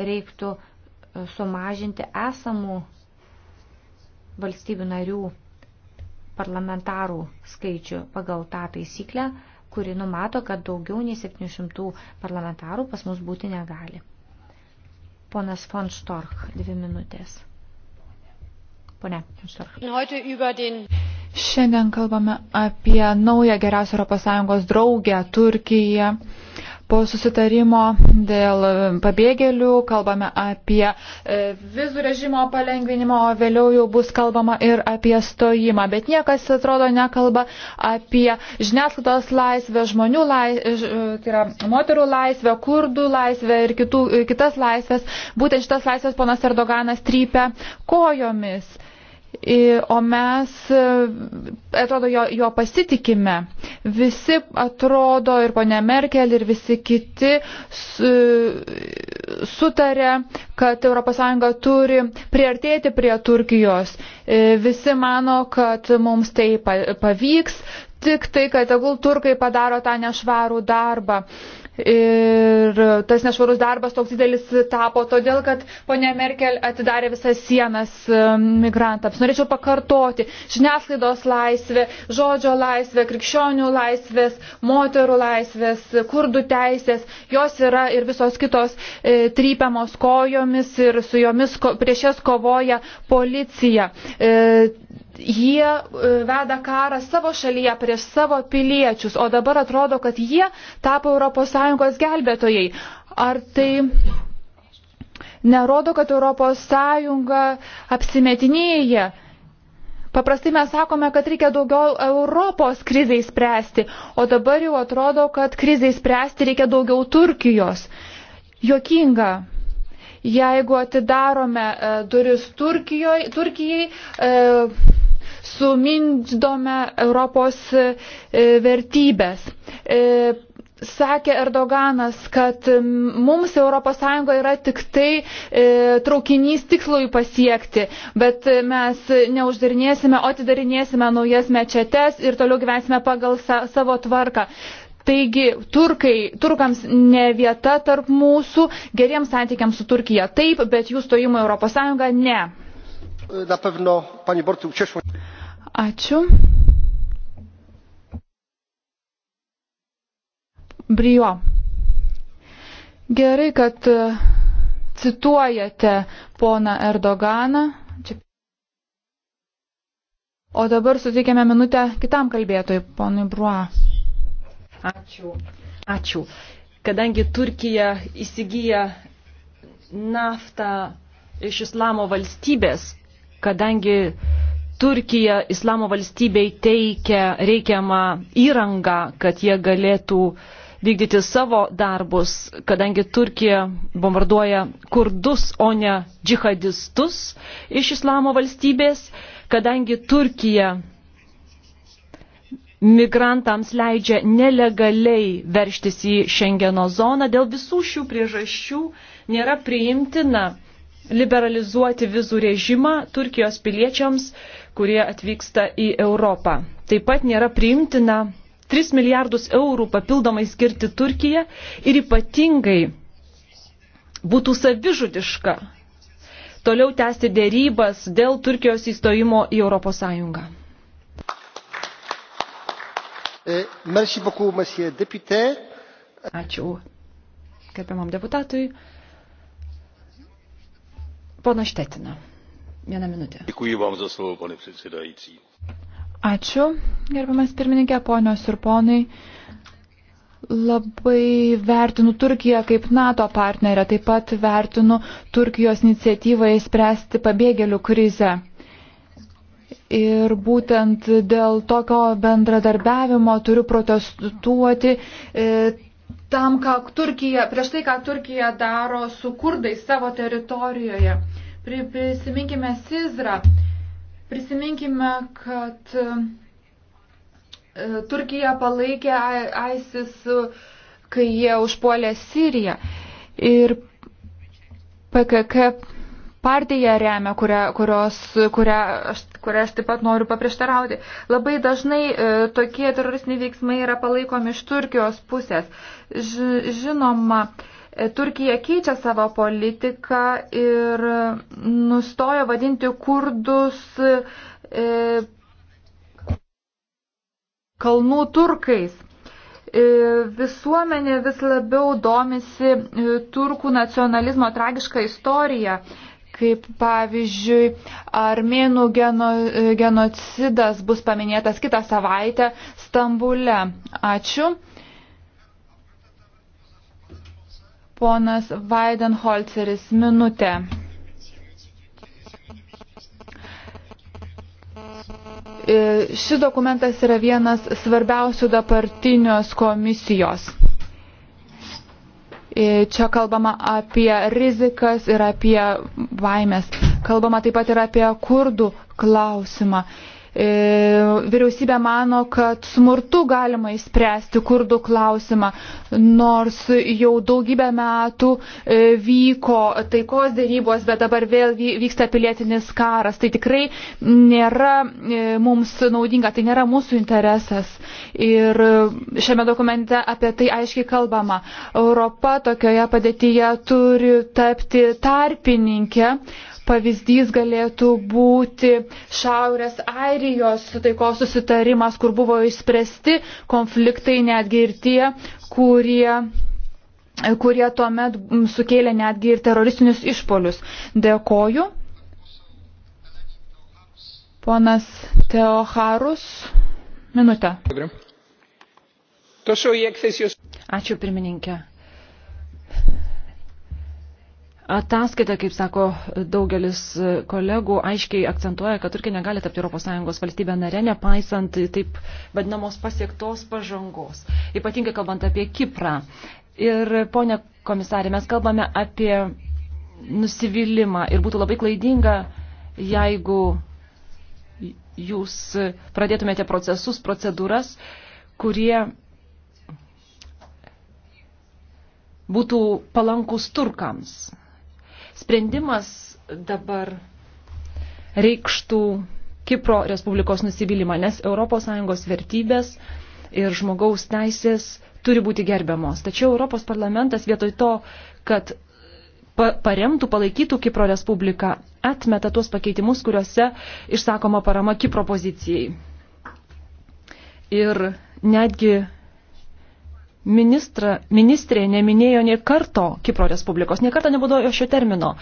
reiktų e, sumažinti esamų valstybių narių parlamentarų skaičių pagal tą taisyklę, kuri numato, kad daugiau nei 700 parlamentarų pas mus būti negali. Ponas von Storch, dvi minutės. Pone von Storch. Šiandien kalbame apie naują geriausią ES draugę Turkiją po susitarimo dėl e, pabėgėlių, kalbame apie e, vizų režimo palengvinimą, o vėliau jau bus kalbama ir apie stojimą. Bet niekas, atrodo, nekalba apie žiniasklaidos laisvę, žmonių laisvę, e, tai yra moterų laisvę, kurdų laisvę ir, kitų, ir kitas laisvės. Būtent šitas laisvės ponas Erdoganas trypia kojomis o mes, e, atrodo, jo, jo pasitikime. Visi atrodo, ir ponia Merkel, ir visi kiti su, sutarė, kad ES turi priartėti prie Turkijos. E, visi mano, kad mums tai pavyks, tik tai, kad tegul turkai padaro tą nešvarų darbą. Ir tas nešvarus darbas toks didelis tapo todėl, kad ponė Merkel atidarė visas sienas um, migrantams. Norėčiau pakartoti žiniasklaidos laisvė, žodžio laisvė, krikščionių laisvės, moterų laisvės, kurdų teisės, jos yra ir visos kitos e, trypiamos kojomis ir su jomis ko, prieš jas kovoja policija. E, jie e, veda karą savo šalyje prieš savo piliečius, o dabar atrodo, kad jie tapo ES gelbėtojai. Ar tai nerodo, kad ES apsimetinėja? Paprastai mes sakome, kad reikia daugiau Europos krizai spręsti, o dabar jau atrodo, kad krizai spręsti reikia daugiau Turkijos. Jokinga. Jeigu atidarome e, duris Turkijoj, Turkijai, e, sumindome Europos e, vertybės. E, sakė Erdoganas, kad mums ES yra tik tai e, traukinys tikslui pasiekti, bet mes neuždarinėsime, o atidarinėsime naujas mečetes ir toliau gyvensime pagal sa savo tvarką. Taigi, turkai, turkams ne vieta tarp mūsų, geriems santykiams su Turkija taip, bet jų stojimo Europos Sąjunga ne. Na pewno, pani Borty, ucieszło. Ačiū. Brijo. Gerai, kad e, cituojate poną Erdoganą. O dabar suteikėme minutę kitam kalbėtojui, ponui Brua. Ačiū. Ačiū. Kadangi Turkija įsigyja naftą iš islamo valstybės, kadangi Turkija islamo valstybei teikia reikiamą įrangą, kad jie galėtų vykdyti savo darbus, kadangi Turkija bombarduoja kurdus, o ne džihadistus iš islamo valstybės, kadangi Turkija migrantams leidžia nelegaliai verštis į Šengeno zoną. Dėl visų šių priežasčių nėra priimtina liberalizuoti vizų režimą Turkijos piliečiams, kurie atvyksta į Europą. Taip pat nėra priimtina 3 milijardus eurų papildomai skirti Turkiją ir ypatingai būtų savižudiška toliau tęsti dėrybas dėl Turkijos įstojimo į Europos Sąjungą. E, Ačiū gerbiamam deputatui. Pana Štetina. Vieną minutę. Dėkui vam za slovo, pane predsedajci. Ačiū, gerbiamas pirmininkė, ponios ir ponai. Labai vertinu Turkiją kaip NATO partnerę, taip pat vertinu Turkijos iniciatyvą įspręsti pabėgėlių krizę. Ir būtent dėl tokio bendradarbiavimo turiu protestuoti e, tam, ką Turkija, prieš tai, ką Turkija daro su kurdais savo teritorijoje. Prisiminkime Sizrą, prisiminkime, kad e, Turkija palaikė ISIS, kai jie užpuolė Siriją. Ir PKK partiją remia, kurią, kurios, kurią, aš, kurią aš taip pat noriu paprieštarauti. Labai dažnai e, tokie teroristiniai veiksmai yra palaikomi iš Turkijos pusės. Ž, žinoma, e, Turkija keičia savo politiką ir nustojo vadinti kurdus. E, kalnų turkais. E, visuomenė vis labiau domisi e, turkų nacionalizmo tragišką istoriją kaip pavyzdžiui armėnų geno, genocidas bus paminėtas kitą savaitę Stambule. Ačiū. Ponas Vaidenholceris, minutė. E, šis dokumentas yra vienas svarbiausių dabartinios komisijos. E, čia kalbama apie rizikas ir apie baimės. Kalbama taip pat ir apie kurdų klausimą. E, vyriausybė mano, kad smurtu galima įspręsti kurdų klausimą, nors jau daugybę metų e, vyko taikos dėrybos, bet dabar vėl vyksta pilietinis karas. Tai tikrai nėra e, mums naudinga, tai nėra mūsų interesas. Ir šiame dokumente apie tai aiškiai kalbama. Europa tokioje padėtyje turi tapti tarpininkė Pavyzdys galėtų būti Šiaurės Airijos taikos susitarimas, kur buvo išspręsti konfliktai netgi ir tie, kurie kurie tuomet sukėlė netgi ir teroristinius išpolius. Dėkoju. Ponas Teoharus, minutę. Ačiū pirmininkė. Ataskaita, kaip sako daugelis kolegų, aiškiai akcentuoja, kad Turkija negali tapti ES valstybė narė, nepaisant taip vadinamos pasiektos pažangos, ypatingai kalbant apie Kiprą. Ir, ponė komisarė, mes kalbame apie nusivylimą ir būtų labai klaidinga, jeigu jūs pradėtumėte procesus, procedūras, kurie būtų palankus turkams Sprendimas dabar reikštų Kipro Respublikos nusivylimą, nes ES vertybės ir žmogaus teisės turi būti gerbiamos. Tačiau Europos parlamentas vietoj to, kad paremtų, palaikytų Kipro Respubliką, atmeta tuos pakeitimus, kuriuose išsakoma parama Kipro pozicijai. Ir netgi ministra, ministrė neminėjo nie karto Kipro Respublikos, nie karto nebuvo šio termino.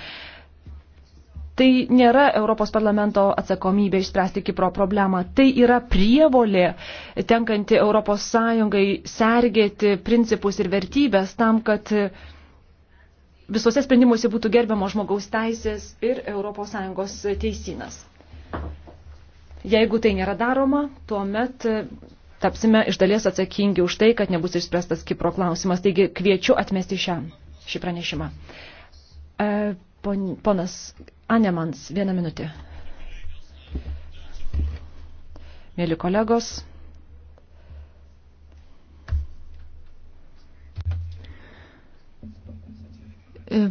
Tai nėra Europos parlamento atsakomybė išspręsti Kipro problemą. Tai yra prievolė tenkanti Europos Sąjungai sergėti principus ir vertybės tam, kad visose sprendimuose būtų gerbiamo žmogaus teisės ir Europos Sąjungos teisinas. Jeigu tai nėra daroma, tuomet tapsime iš dalies atsakingi už tai, kad nebus išspręstas Kipro klausimas. Taigi kviečiu atmesti šią, šį pranešimą. E, pon, ponas Anemans, vieną minutę. Mėly kolegos. E,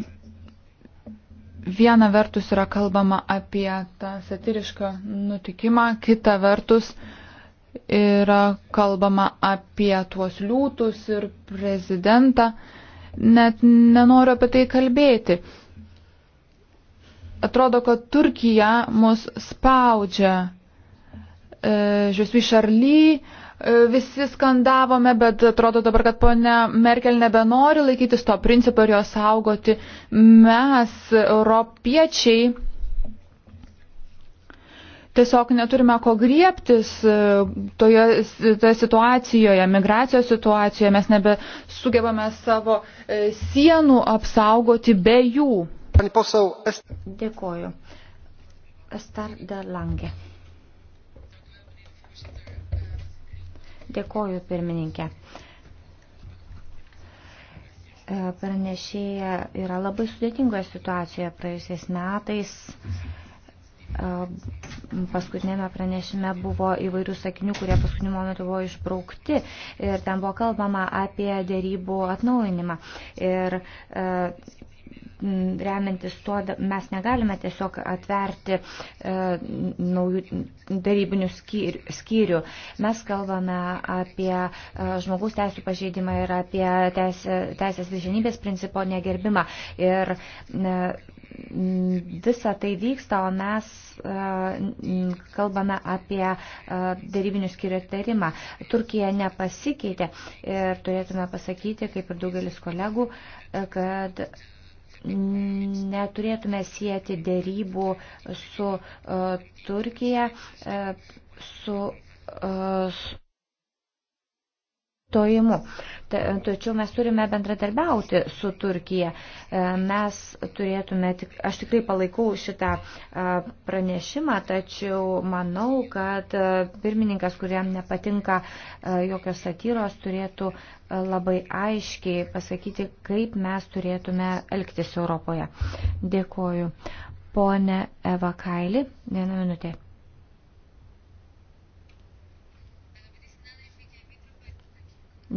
viena vertus yra kalbama apie tą satirišką nutikimą, kita vertus uh, yra kalbama apie tuos liūtus ir prezidentą. Net nenoriu apie tai kalbėti. Atrodo, kad Turkija mus spaudžia. Žiūrėsiu, e, Šarly e, visi skandavome, bet atrodo dabar, kad ponia Merkel nebenori laikytis to principo ir jo saugoti. Mes, europiečiai, tiesiog neturime ko griebtis e, toje, toje situacijoje, migracijos situacijoje, mes nebesugebame savo e, sienų apsaugoti be jų. Dėkoju. Estar de Lange. Dėkoju, pirmininkė e, pranešėja yra labai sudėtingoje situacijoje praėjusiais metais paskutinėme pranešime buvo įvairių sakinių, kurie paskutiniu momentu buvo išbraukti ir ten buvo kalbama apie dėrybų atnaujinimą. Ir, e, remiantis tuo, mes negalime tiesiog atverti e, naujų darybinių skyrių. Mes kalbame apie e, žmogaus teisų pažeidimą ir apie teisės, teisės viršinybės principo negerbimą. Ir, e, visa tai vyksta, o mes e, kalbame apie e, dėrybinių skyrių aptarimą. Turkija nepasikeitė ir turėtume pasakyti, kaip ir daugelis kolegų, e, kad neturėtume sieti dėrybų su Turkija, su stojimu. Tačiau mes turime bendradarbiauti su Turkija. E, mes turėtume, tik, aš tikrai palaikau šitą e, pranešimą, tačiau manau, kad e, pirmininkas, kuriam nepatinka jokios satyros, turėtų labai aiškiai pasakyti, kaip mes turėtume elgtis Europoje. Dėkoju. Pone Eva Kaili, vieną minutę.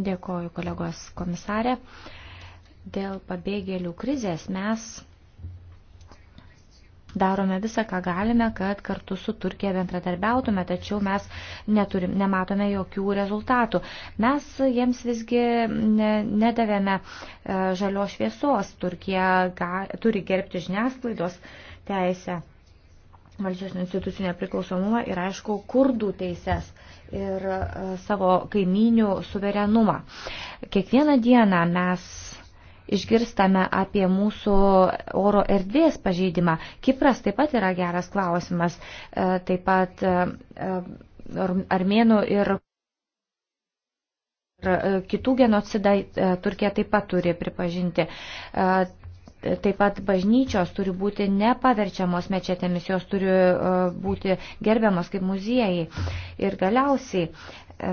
Dėkoju kolegos komisarė. Dėl pabėgėlių krizės mes darome visą, ką galime, kad kartu su Turkija bendradarbiautume, tačiau mes neturim, nematome jokių rezultatų. Mes jiems visgi ne, nedavėme e, žalio šviesos. Turkija ga, turi gerbti žiniasklaidos teisę, valdžios institucijų nepriklausomumą ir, aišku, kurdų teises ir e, savo kaiminių suverenumą. Kiekvieną dieną mes išgirstame apie mūsų oro erdvės pažeidimą. Kipras taip pat yra geras klausimas. E, taip pat e, armėnų ir kitų genocidą Turkija taip pat turi pripažinti. Taip pat bažnyčios turi būti nepaverčiamos mečetėmis, jos turi e, būti gerbiamos kaip muziejai. Ir galiausiai e,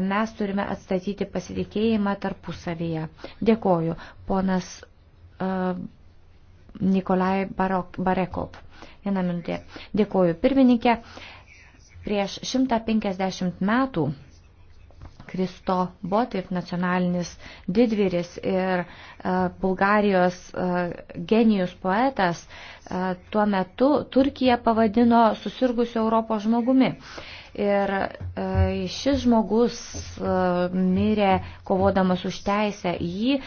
mes turime atstatyti pasitikėjimą tarpusavyje. Dėkoju, ponas uh, Nikolai Barok, Barekov. Vieną minutę. Dėkoju, pirmininkė. Prieš 150 metų Kristo Botif nacionalinis didvyris ir e, Bulgarijos e, genijus poetas e, tuo metu Turkiją pavadino susirgusiu Europos žmogumi. Ir e, šis žmogus e, mirė kovodamas už teisę, jį e,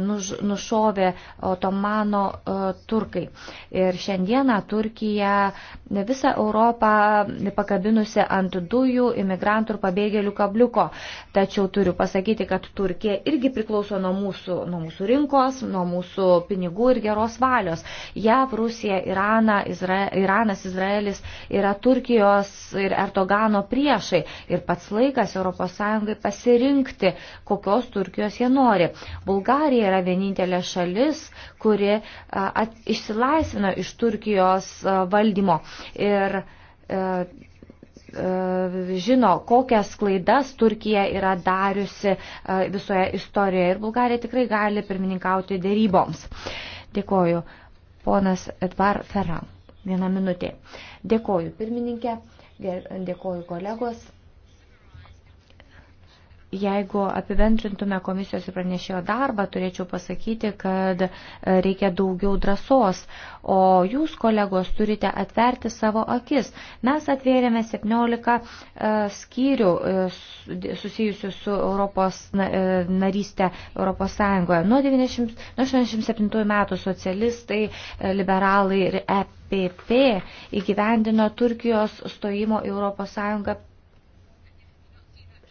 nušovė otomano turkai. Ir šiandieną Turkija visą Europą pakabinusi ant dujų, imigrantų ir pabėgėlių kabliuko. Tačiau turiu pasakyti, kad Turkija irgi priklauso nuo mūsų, nuo mūsų rinkos, nuo mūsų pinigų ir geros valios. JAV, Rusija, Irana, Izra Iranas, Izraelis yra Turkijos ir Erdogan Sudano priešai ir pats laikas ES pasirinkti, kokios Turkijos jie nori. Bulgarija yra vienintelė šalis, kuri at, išsilaisvino iš Turkijos valdymo ir e, žino, kokias klaidas Turkija yra dariusi visoje istorijoje ir Bulgarija tikrai gali pirmininkauti dėryboms. Dėkoju. Ponas Edvar Ferran. Viena minutė. Dėkoju, pirmininkė. Dėkuoju kolegos. Jeigu apibendrintume komisijos ir pranešėjo darbą, turėčiau pasakyti, kad e, reikia daugiau drąsos, o jūs, kolegos, turite atverti savo akis. Mes atvėrėme 17 e, skyrių e, susijusių su Europos narystė Europos Sąjungoje. Nuo 1987 metų socialistai, liberalai ir EPP įgyvendino Turkijos stojimo Europos Sąjungą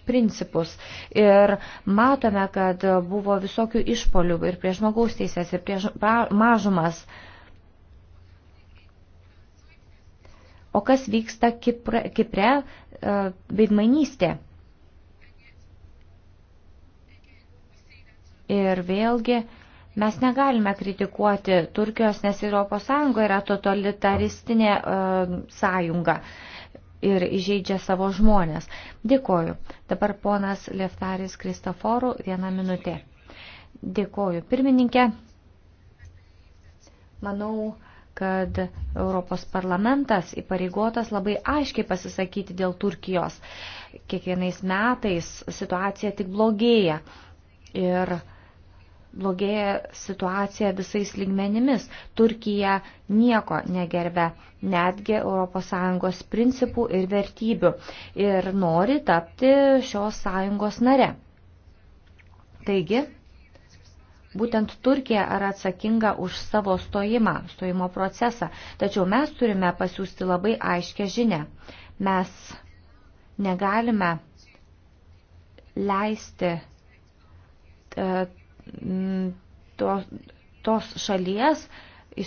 principus. Ir matome, kad buvo visokių išpolių ir prie žmogaus teisės, ir prie mažumas. O kas vyksta Kipre, Kipre e, veidmainystė? Ir vėlgi mes negalime kritikuoti Turkijos, nes ES yra totalitaristinė uh, sąjunga. Uh, ir įžeidžia savo žmonės. Dėkoju. Dabar ponas Leftaris Kristoforų vieną minutę. Dėkoju. Pirmininkė, manau, kad Europos parlamentas įpareigotas labai aiškiai pasisakyti dėl Turkijos. Kiekvienais metais situacija tik blogėja. Ir blogėja situacija visais lygmenimis. Turkija nieko negerbė, netgi ES principų ir vertybių ir nori tapti šios sąjungos nare. Taigi, Būtent Turkija yra atsakinga už savo stojimą, stojimo procesą. Tačiau mes turime pasiūsti labai aiškę žinę. Mes negalime leisti e, Mm, tos, tos šalies e,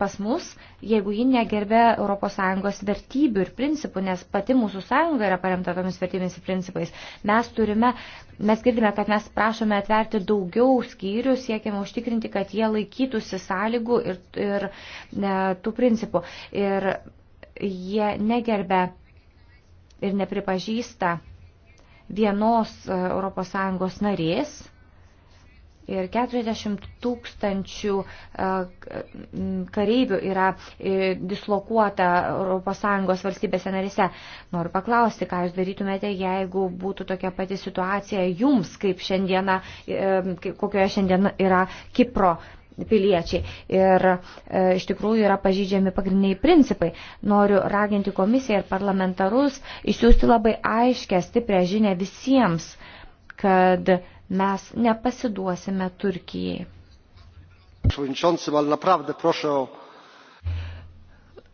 pas mus, jeigu ji negerbė ES vertybių ir principų, nes pati mūsų sąjunga yra paremta tomis vertybėmis ir principais. Mes turime, mes girdime, kad mes prašome atverti daugiau skyrių, siekiame užtikrinti, kad jie laikytųsi sąlygų ir, ir ne, tų principų. Ir jie negerbė ir nepripažįsta vienos e, ES narės Ir 40 tūkstančių e, kareivių yra e, dislokuota ES valstybėse narise. Noriu paklausti, ką jūs darytumėte, jeigu būtų tokia pati situacija jums, kaip šiandieną, e, kokioje šiandien yra Kipro piliečiai. Ir e, iš tikrųjų yra pažydžiami pagrindiniai principai. Noriu raginti komisiją ir parlamentarus išsiųsti labai aiškę, stiprią žinę visiems, kad e, Mes nepasiduosime Turkijai.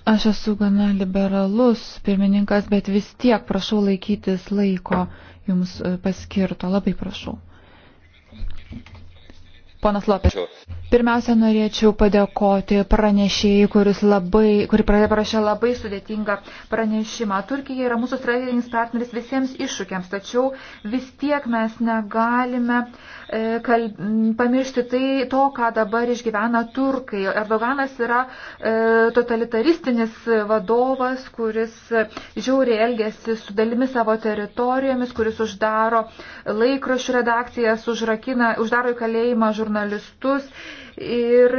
Aš esu gana liberalus pirmininkas, bet vis tiek prašau laikytis laiko jums e, paskirto. Labai prašau. Ponas Lopės. Pirmiausia, norėčiau padėkoti pranešėjai, kuris labai, kuri parašė labai sudėtingą pranešimą. Turkija yra mūsų strateginis partneris visiems iššūkiams, tačiau vis tiek mes negalime uh, E, kal, pamiršti tai to, ką dabar išgyvena turkai. Erdoganas yra e, totalitaristinis vadovas, kuris žiauriai elgesi su dalimi savo teritorijomis, kuris uždaro laikraščių redakcijas, užrakina, uždaro į kalėjimą žurnalistus ir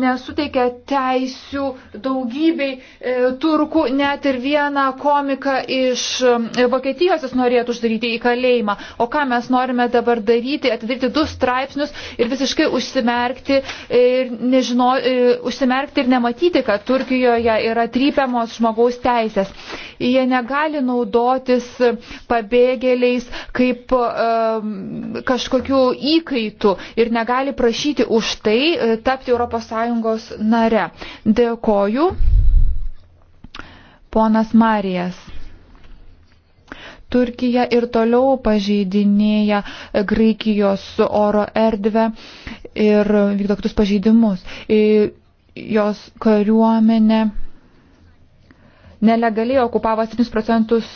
nesuteikia teisių daugybei e, turkų, net ir vieną komiką iš e, Vokietijos jis norėtų uždaryti į kalėjimą. O ką mes norime dabar daryti, atidaryti du straipsnius ir visiškai užsimerkti e, ir, nežino, e, užsimerkti ir nematyti, kad Turkijoje yra trypiamos žmogaus teisės. Jie negali naudotis pabėgėliais kaip e, kažkokiu įkaitu ir negali prašyti už tai, bei tai, e, tapti ES nare. Dėkoju, ponas Marijas. Turkija ir toliau pažeidinėja Graikijos oro erdvę ir vykdo kitus pažeidimus. E, jos kariuomenė nelegaliai okupavo 7 procentus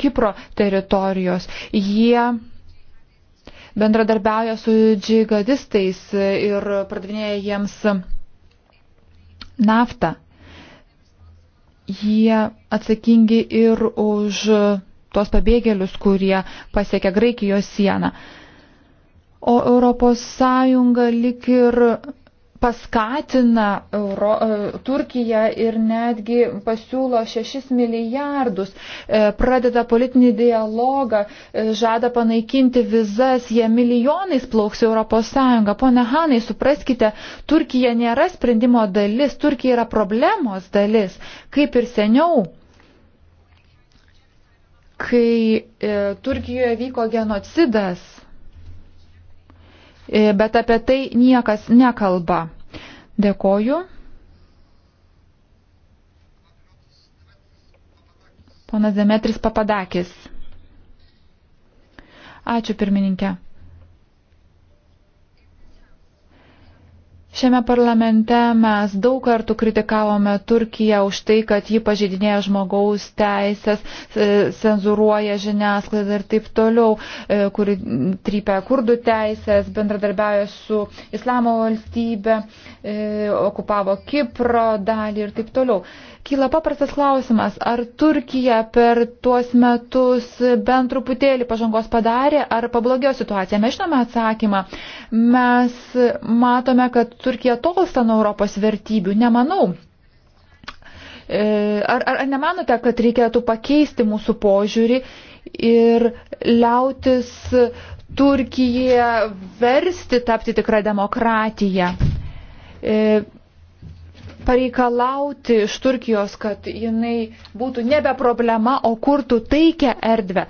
Kipro teritorijos. Jie bendradarbiauja su džigadistais ir pardavinėja jiems naftą. Jie atsakingi ir už tuos pabėgėlius, kurie pasiekia Graikijos sieną. O Europos Sąjunga lik ir paskatina Euro, e, Turkiją ir netgi pasiūlo 6 milijardus, e, pradeda politinį dialogą, e, žada panaikinti vizas, jie milijonais plauks Europos Sąjungą. Pone Hanai, supraskite, Turkija nėra sprendimo dalis, Turkija yra problemos dalis, kaip ir seniau kai e, Turkijoje vyko genocidas E, bet apie tai niekas nekalba. Dėkoju. Ponas Demetris Papadakis. Ačiū pirmininkė. Šiame parlamente mes daug kartų kritikavome Turkiją už tai, kad ji pažeidinėja žmogaus teisės, e, cenzuruoja žiniasklaidą ir taip toliau, e, kuri trypia kurdų teisės, bendradarbiauja su Islamo valstybe, e, okupavo Kipro dalį ir taip toliau. Kyla paprastas klausimas, ar Turkija per tuos metus bent truputėlį pažangos padarė, ar pablogėjo situacija. Mes žinome atsakymą. Mes matome, kad Turkija tolsta nuo Europos vertybių. Nemanau. E, ar, ar, ar nemanote, kad reikėtų pakeisti mūsų požiūrį ir liautis Turkiją versti tapti tikrą demokratiją? E, pareikalauti iš Turkijos, kad jinai būtų nebe problema, o kurtų taikę erdvę.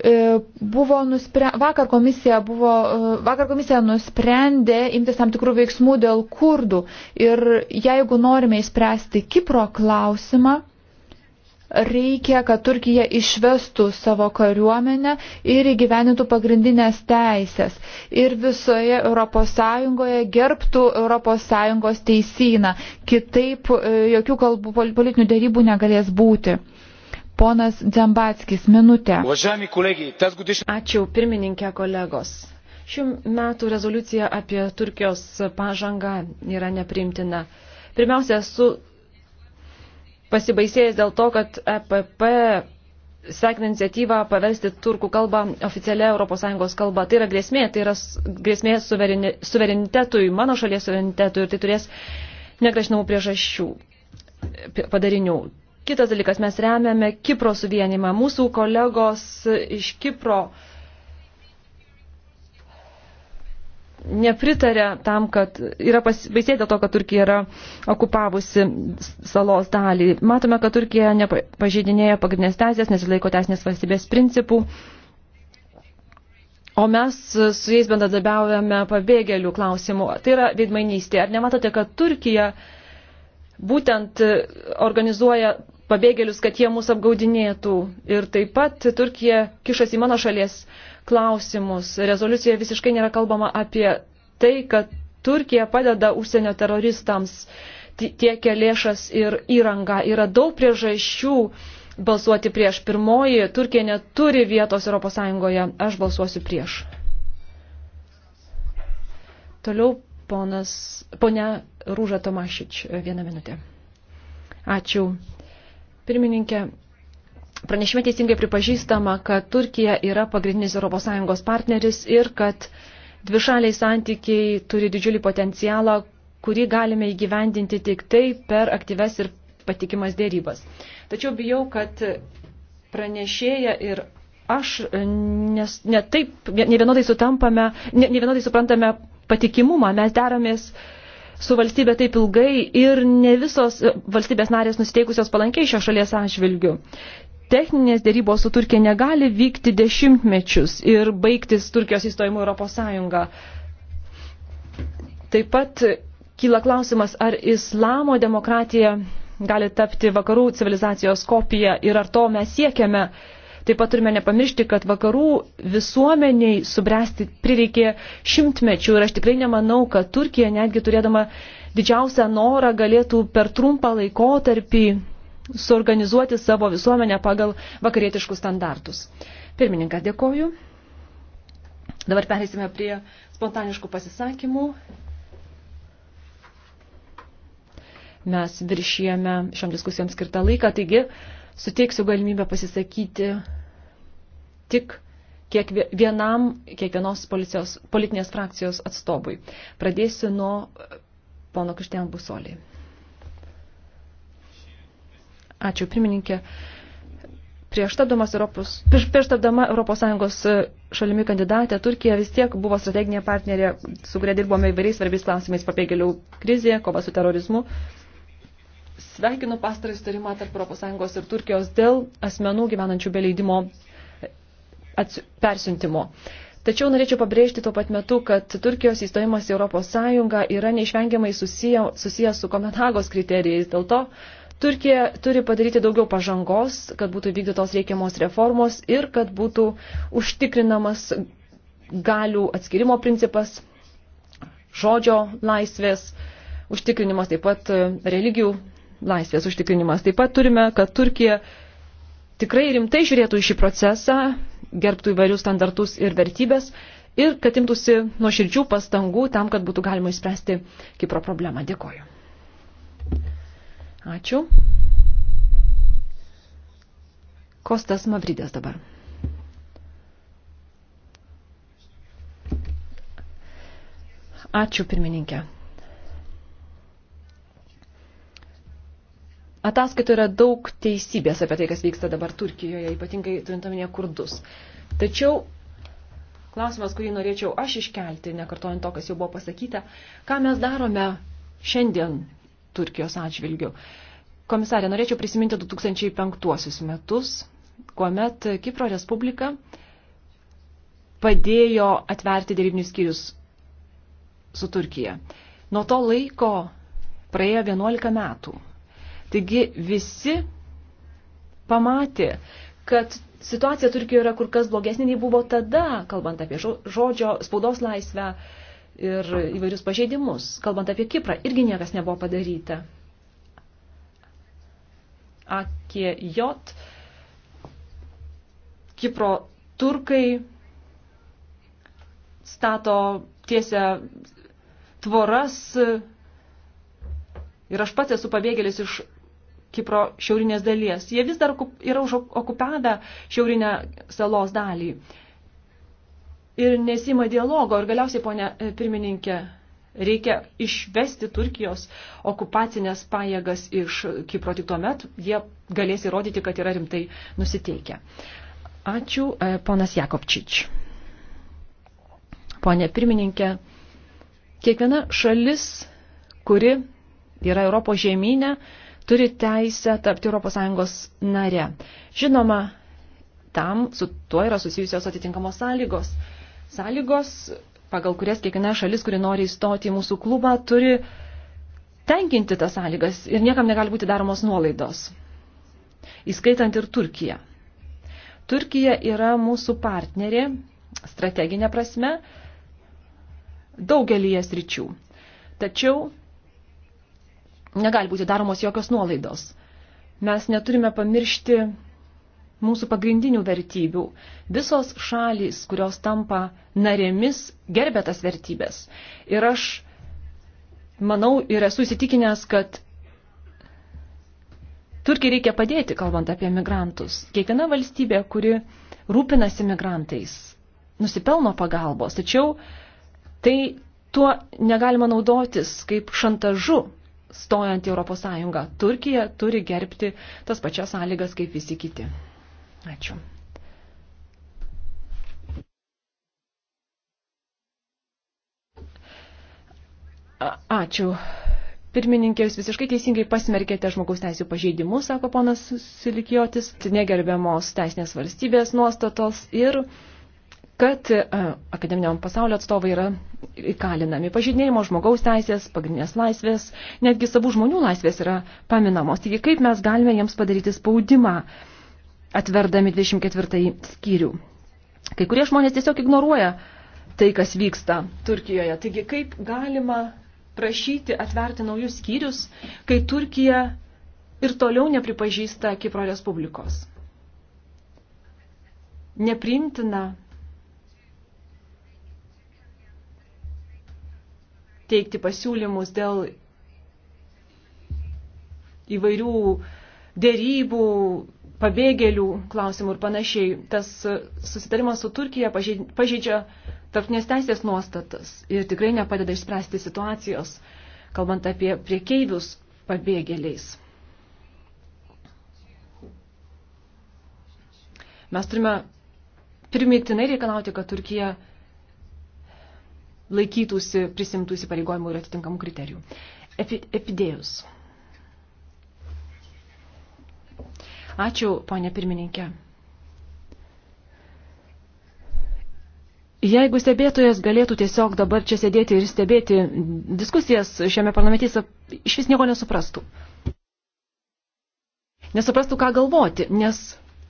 E, buvo nuspre... vakar, komisija buvo, e, vakar komisija nusprendė imtis tam tikrų veiksmų dėl kurdų ir jeigu norime įspręsti Kipro klausimą, reikia, kad Turkija išvestų savo kariuomenę ir įgyvenintų pagrindinės teisės ir visoje ES gerbtų ES teisyną. Kitaip e, jokių kalbų politinių dėrybų negalės būti. Ponas Dzembatskis, minutė. Ačiū, pirmininkė kolegos. Šių metų rezoliucija apie Turkijos pažangą yra nepriimtina. Pirmiausia, esu pasibaisėjęs dėl to, kad EPP sekina iniciatyvą paversti turkų kalbą oficialia ES kalba. Tai yra grėsmė, tai yra grėsmė suvereni, suverenitetui, mano šalies suverenitetui ir tai turės negražinamų priežasčių padarinių. Kitas dalykas, mes remiame Kipro suvienimą. Mūsų kolegos iš Kipro uh, nepritarė tam, kad yra baisė dėl to, kad Turkija yra okupavusi salos dalį. Matome, kad Turkija pažeidinėja pagrindinės teisės, nesilaiko teisinės valstybės principų. O mes su jais bendradarbiaujame pabėgėlių klausimų. Tai yra veidmainystė. Ar nematote, kad Turkija būtent organizuoja pabėgėlius, kad jie mus apgaudinėtų? Ir taip pat Turkija kišas į mano šalies uh, klausimus. Rezoliucijoje visiškai nėra kalbama apie tai, kad Turkija padeda užsienio teroristams tiekia lėšas ir įrangą. Yra daug priežasčių balsuoti prieš. Pirmoji, Turkija neturi vietos ES. Aš balsuosiu prieš. Toliau ponas, ponia Rūža Tomašič, vieną minutę. Ačiū. Pirmininkė, Pranešime teisingai pripažįstama, kad Turkija yra pagrindinis ES partneris ir kad dvišaliai santykiai turi didžiulį potencialą, kurį galime įgyvendinti tik tai per aktyves ir patikimas dėrybas. Tačiau bijau, kad pranešėja ir aš nes, ne taip, ne vienodai sutampame, ne, ne vienodai suprantame patikimumą, mes deramės su valstybė taip ilgai ir ne visos valstybės narės nusiteikusios palankiai šios šalies atžvilgių techninės dėrybos su Turkija negali vykti dešimtmečius ir baigtis Turkijos įstojimu Europos Sąjungą. Taip pat kyla klausimas, ar islamo demokratija gali tapti vakarų civilizacijos kopija ir ar to mes siekiame. Taip pat turime nepamiršti, kad vakarų visuomeniai subręsti prireikė šimtmečių ir aš tikrai nemanau, kad Turkija netgi turėdama didžiausią norą galėtų per trumpą laikotarpį suorganizuoti savo visuomenę pagal vakarietiškus standartus. Pirmininkas, dėkoju. Dabar perėsime prie spontaniškų pasisakymų. Mes viršijame šiom diskusijoms skirtą laiką, taigi suteiksiu galimybę pasisakyti tik kiek vienam, kiekvienos policijos, politinės frakcijos atstovui. Pradėsiu nuo pono Krištian Busolį. Ačiū, pirmininkė. Prieš tapdamas Europos, prieš, prieš tapdama Europos Sąjungos e, šalimi kandidatė, Turkija vis tiek buvo strateginė partnerė, su kuria dirbome įvairiais svarbiais klausimais papėgėlių krizė, kova su terorizmu. Sveikinu pastarąjį sutarimą tarp Europos Sąjungos ir Turkijos dėl asmenų gyvenančių be leidimo e, persiuntimo. Tačiau norėčiau pabrėžti tuo pat metu, kad Turkijos įstojimas į Europos Sąjungą yra neišvengiamai susijęs susiję su Kopenhagos kriterijais. Dėl to Turkija turi padaryti daugiau pažangos, kad būtų vykdytos reikiamos reformos ir kad būtų užtikrinamas galių atskirimo principas, žodžio laisvės užtikrinimas, taip pat e, religijų laisvės užtikrinimas. Taip pat turime, kad Turkija tikrai rimtai žiūrėtų į šį procesą, gerbtų įvairius standartus ir vertybės ir kad imtųsi nuoširdžių pastangų tam, kad būtų galima išspręsti Kipro problemą. Dėkoju. Ačiū. Kostas Mavridės dabar. Ačiū pirmininkė. Ataskaitoje yra daug teisybės apie tai, kas vyksta dabar Turkijoje, ypatingai turintaminė kurdus. Tačiau klausimas, kurį norėčiau aš iškelti, nekartojant to, kas jau buvo pasakyta, ką mes darome šiandien Turkijos atžvilgių. Komisarė, norėčiau prisiminti 2005 metus, kuomet Kipro Respublika padėjo atverti dėrybinius skyrius su Turkija. Nuo to laiko praėjo 11 metų. Taigi visi pamatė, kad situacija Turkijoje yra kur kas blogesnė nei buvo tada, kalbant apie žodžio, spaudos laisvę, uh, ir įvairius pažeidimus. Kalbant apie Kiprą, irgi niekas nebuvo padaryta. AKJ, Kipro turkai stato tiesia tvoras ir aš pats esu pabėgėlis iš Kipro šiaurinės dalies. Jie vis dar yra užokupavę šiaurinę salos dalį ir nesima dialogo. Ir galiausiai, ponia e, pirmininkė, reikia išvesti Turkijos okupacinės pajėgas iš Kipro tik tuomet, jie galės įrodyti, kad yra rimtai nusiteikę. Ačiū, e, ponas Jakobčič. Pone pirmininkė, kiekviena šalis, kuri yra Europos žemynė, turi teisę tapti ES nare. Žinoma, tam su tuo yra susijusios atitinkamos sąlygos sąlygos, pagal kurias kiekviena šalis, kuri nori įstoti į mūsų klubą, turi tenkinti tas sąlygas ir niekam negali būti daromos nuolaidos, įskaitant ir Turkiją. Turkija yra mūsų partnerė strateginė prasme daugelįje sričių. Tačiau negali būti daromos jokios nuolaidos. Mes neturime pamiršti mūsų pagrindinių vertybių. Visos šalys, kurios tampa narėmis, gerbė tas vertybės. Ir aš manau ir esu įsitikinęs, kad Turkijai reikia padėti, kalbant apie migrantus. Kiekviena valstybė, kuri rūpinasi migrantais, nusipelno pagalbos, tačiau tai tuo negalima naudotis kaip šantažu stojant į Europos Sąjungą. Turkija turi gerbti tas pačias sąlygas kaip visi kiti. Ačiū. Ačiū. Pirmininkė, jūs visiškai teisingai pasmerkėte žmogaus teisų pažeidimus, sako ponas Silikijotis, negerbiamos teisinės valstybės nuostatos ir kad e, akademiniam pasaulio atstovai yra įkalinami. Pažydinėjimo žmogaus teisės, pagrindinės laisvės, netgi savų žmonių laisvės yra paminamos. Taigi kaip mes galime jiems padaryti spaudimą? atverdami 24 skyrių. Kai kurie žmonės tiesiog ignoruoja tai, kas vyksta Turkijoje. Taigi kaip galima prašyti atverti naujus skyrius, kai Turkija ir toliau nepripažįsta Kipro Respublikos. Nepriimtina teikti pasiūlymus dėl įvairių dėrybų pabėgėlių klausimų ir panašiai. Tas susitarimas su Turkija pažeidžia tarptinės teisės nuostatas ir tikrai nepadeda išspręsti situacijos, kalbant apie priekeivius pabėgėliais. Mes turime primiktinai reikalauti, kad Turkija laikytųsi prisimtų įsipareigojimų ir atitinkamų kriterijų. Epi, epidėjus. Ačiū, ponė pirmininkė. Jeigu stebėtojas galėtų tiesiog dabar čia sėdėti ir stebėti diskusijas šiame parlamente, jis iš vis nieko nesuprastų. Nesuprastų, ką galvoti, nes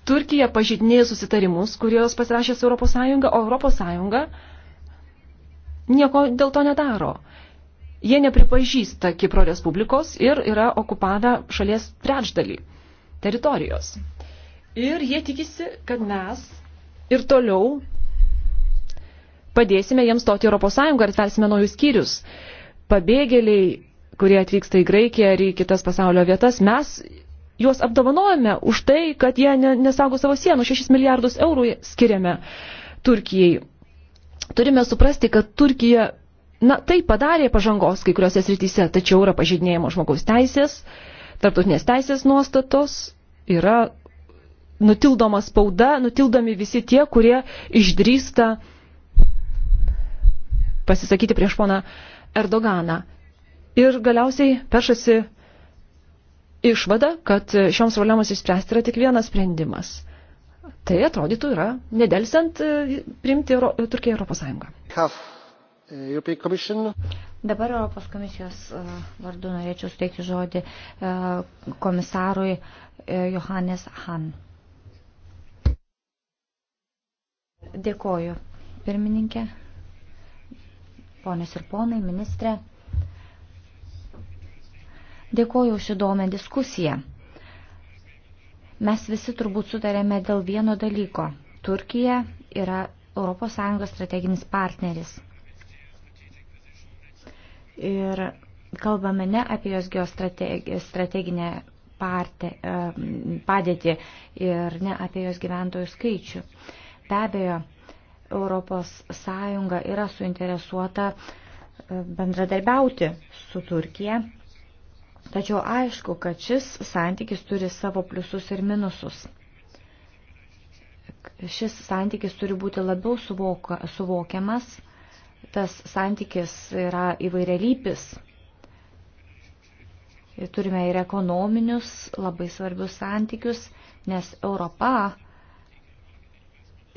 Turkija pažydinėja susitarimus, kuriuos pasirašęs Europos Sąjunga, o Europos Sąjunga nieko dėl to nedaro. Jie nepripažįsta Kipro Respublikos ir yra okupavę šalies trečdalį teritorijos. Ir jie tikisi, kad mes ir toliau padėsime jiems stoti Europos Sąjungą ir atversime naujus skyrius. Pabėgėliai, kurie atvyksta į Graikiją ar į kitas pasaulio vietas, mes juos apdovanojame už tai, kad jie nesaugo savo sienų. 6 milijardus eurų skiriame Turkijai. Turime suprasti, kad Turkija, na, tai padarė pažangos kai kuriuose srityse, tačiau yra pažydinėjimo žmogaus teisės, uh, tarptautinės teisės nuostatos, yra nutildoma spauda, nutildomi visi tie, kurie išdrįsta pasisakyti prieš poną Erdoganą. Ir galiausiai pešasi išvada, kad šioms problemams išspręsti yra tik vienas sprendimas. Tai atrodytų yra nedelsiant priimti Euro, Turkiją Europos Sąjungą. Uh, Dabar Europos komisijos e, vardu norėčiau suteikti žodį e, komisarui e, Johannes Han. Dėkoju, pirmininkė, ponės ir ponai, ministrė. Dėkoju už įdomią diskusiją. Mes visi turbūt sutarėme dėl vieno dalyko. Turkija yra ES strateginis partneris. Ir kalbame ne apie jos geostrateginę e, padėtį ir ne apie jos gyventojų skaičių. Be abejo, ES yra suinteresuota e, bendradarbiauti su Turkija, tačiau aišku, kad šis santykis turi savo pliusus ir minusus. Šis santykis turi būti labiau suvoka, suvokiamas tas santykis yra įvairialypis. Ir turime ir ekonominius labai svarbius santykius, nes Europa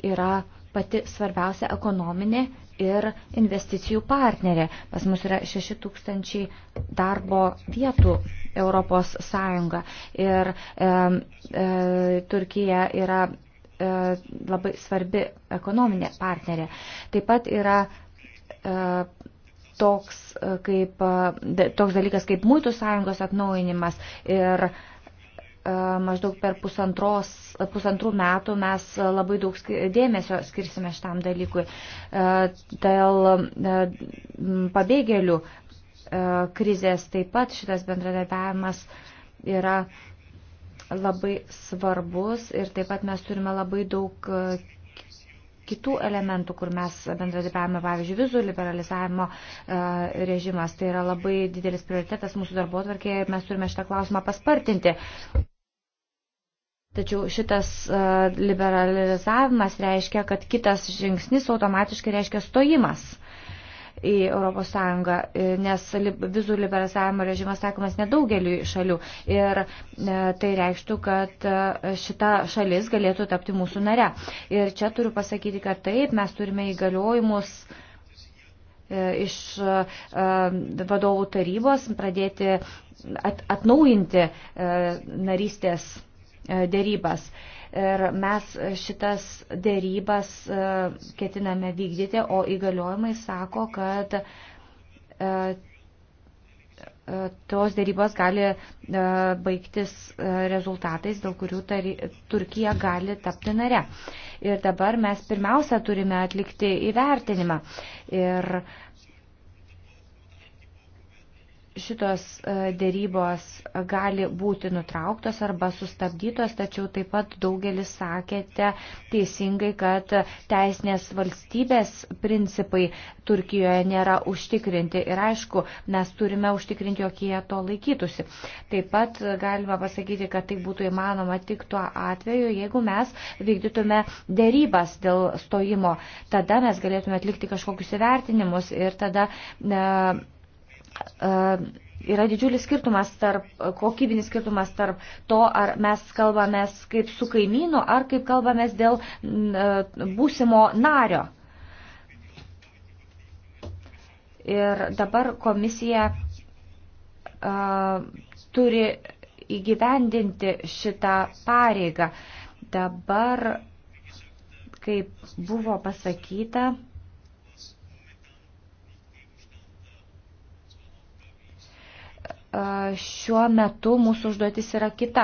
yra pati svarbiausia ekonominė ir investicijų partnerė. Pas mus yra 6 tūkstančiai darbo vietų Europos Sąjunga ir e, e, Turkija yra e, labai svarbi ekonominė partnerė. Taip pat yra e, E, toks, e, kaip, e, toks dalykas kaip Mūtų sąjungos atnaujinimas ir maždaug per pusantros, pusantrų metų mes labai daug dėmesio skirsime šitam dalykui. Dėl pabėgėlių krizės taip pat šitas bendradarbiavimas yra labai svarbus ir taip pat mes turime labai daug kitų elementų, kur mes bendradarbiavame, pavyzdžiui, vizų liberalizavimo e, režimas. Tai yra labai didelis prioritetas mūsų darbo atvarkėje ir mes turime šitą klausimą paspartinti. Tačiau šitas e, liberalizavimas reiškia, kad kitas žingsnis automatiškai reiškia stojimas. Uh, į ES, nes vizų liberalizavimo režimas taikomas nedaugeliu šalių. Ir e, tai reikštų, kad e, šita šalis galėtų tapti mūsų nare. Ir čia turiu pasakyti, kad taip, mes turime įgaliojimus e, iš vadovų tarybos pradėti atnaujinti narystės dėrybas. Ir mes šitas dėrybas e, ketiname vykdyti, o įgaliojimai sako, kad e, e, tos dėrybos gali baigtis rezultatais, dėl kurių tari, Turkija gali tapti nare. Ir dabar mes pirmiausia turime atlikti įvertinimą. Ir uh, šitos e, dėrybos gali būti nutrauktos arba sustabdytos, tačiau taip pat daugelis sakėte teisingai, kad teisinės valstybės principai Turkijoje nėra užtikrinti ir aišku, mes turime užtikrinti, jog jie to laikytųsi. Taip pat galima pasakyti, kad tai būtų įmanoma tik tuo atveju, jeigu mes vykdytume dėrybas dėl stojimo, tada mes galėtume atlikti kažkokius įvertinimus ir tada. Ne, E, yra didžiulis skirtumas tarp, e, kokybinis skirtumas tarp to, ar mes kalbame kaip su kaimynu, ar kaip kalbame dėl e, būsimo nario. Ir dabar komisija uh, turi įgyvendinti šitą pareigą. Dabar, kaip buvo pasakyta, uh, šiuo metu mūsų užduotis yra kita.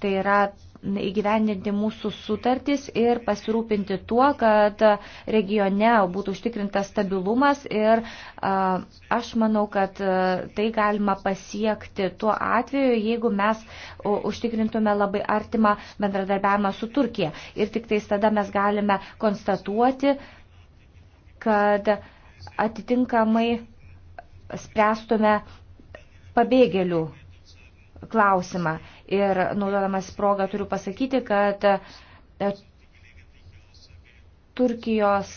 Tai yra įgyvendinti mūsų sutartis ir pasirūpinti tuo, kad regione būtų užtikrintas stabilumas ir aš manau, kad tai galima pasiekti tuo atveju, jeigu mes užtikrintume labai artimą bendradarbiavimą su Turkija. Ir tik tais tada mes galime konstatuoti, kad atitinkamai spręstume pabėgėlių klausimą. Ir naudodamas progą turiu pasakyti, kad e, Turkijos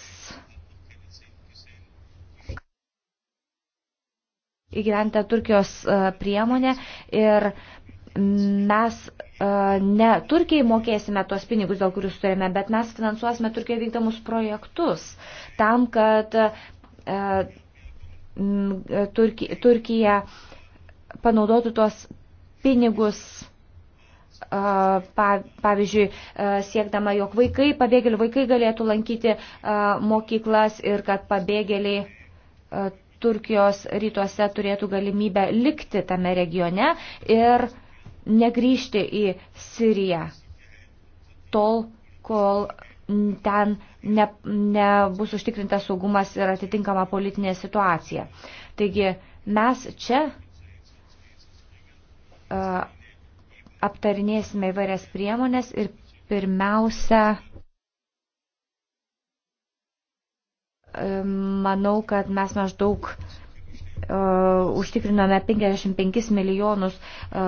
įgyventa Turkijos e, priemonė ir mes e, ne Turkijai mokėsime tuos pinigus, dėl kurių sutarėme, bet mes finansuosime Turkijoje vykdomus projektus tam, kad Turkija panaudotų tuos pinigus pavyzdžiui, siekdama, jog vaikai, pabėgėlių vaikai galėtų lankyti mokyklas ir kad pabėgėliai Turkijos rytuose turėtų galimybę likti tame regione ir negrįžti į Siriją tol, kol ten nebus ne, ne užtikrintas saugumas ir atitinkama politinė situacija. Taigi mes čia aptarinėsime įvairias priemonės ir pirmiausia, manau, kad mes maždaug E, užtikrinome 55 milijonus e,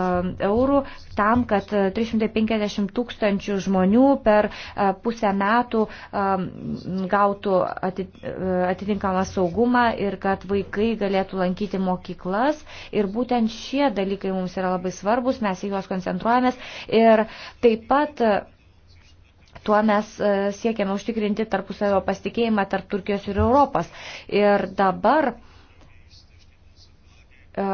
eurų tam, kad 350 tūkstančių žmonių per e, pusę metų gautų atitinkamą saugumą ir kad vaikai galėtų lankyti mokyklas. Ir būtent šie dalykai mums yra labai svarbus, mes į juos koncentruojamės. Ir taip pat Tuo mes siekiame užtikrinti tarpusavio pasitikėjimą tarp Turkijos ir Europos. Ir dabar uh, E,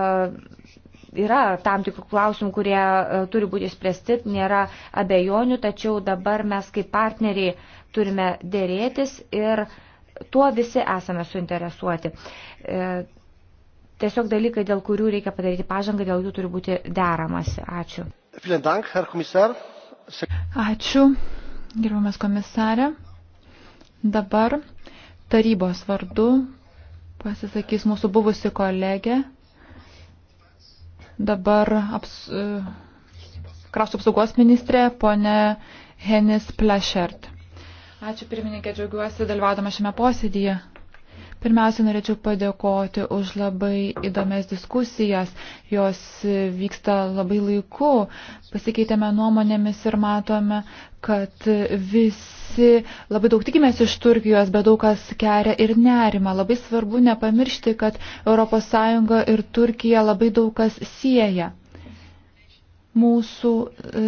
yra tam tikrų klausimų, kurie e, turi būti spręsti, nėra abejonių, tačiau dabar mes kaip partneriai turime dėrėtis ir tuo visi esame suinteresuoti. E, tiesiog dalykai, dėl kurių reikia padaryti pažangą, dėl jų turi būti deramasi. Ačiū. Ačiū, gerbiamas komisarė. Dabar tarybos vardu pasisakys mūsų buvusi kolegė dabar aps, e, krašto apsaugos ministrė ponė Henis Plešert. Ačiū pirmininkė, džiaugiuosi dalyvaudama šiame posėdyje. Pirmiausia, norėčiau padėkoti už labai įdomias diskusijas. Jos vyksta labai laiku. Pasikeitėme nuomonėmis ir matome, kad visi labai daug tikimės iš Turkijos, bet daug kas keria ir nerima. Labai svarbu nepamiršti, kad ES ir Turkija labai daug kas sieja. Mūsų e,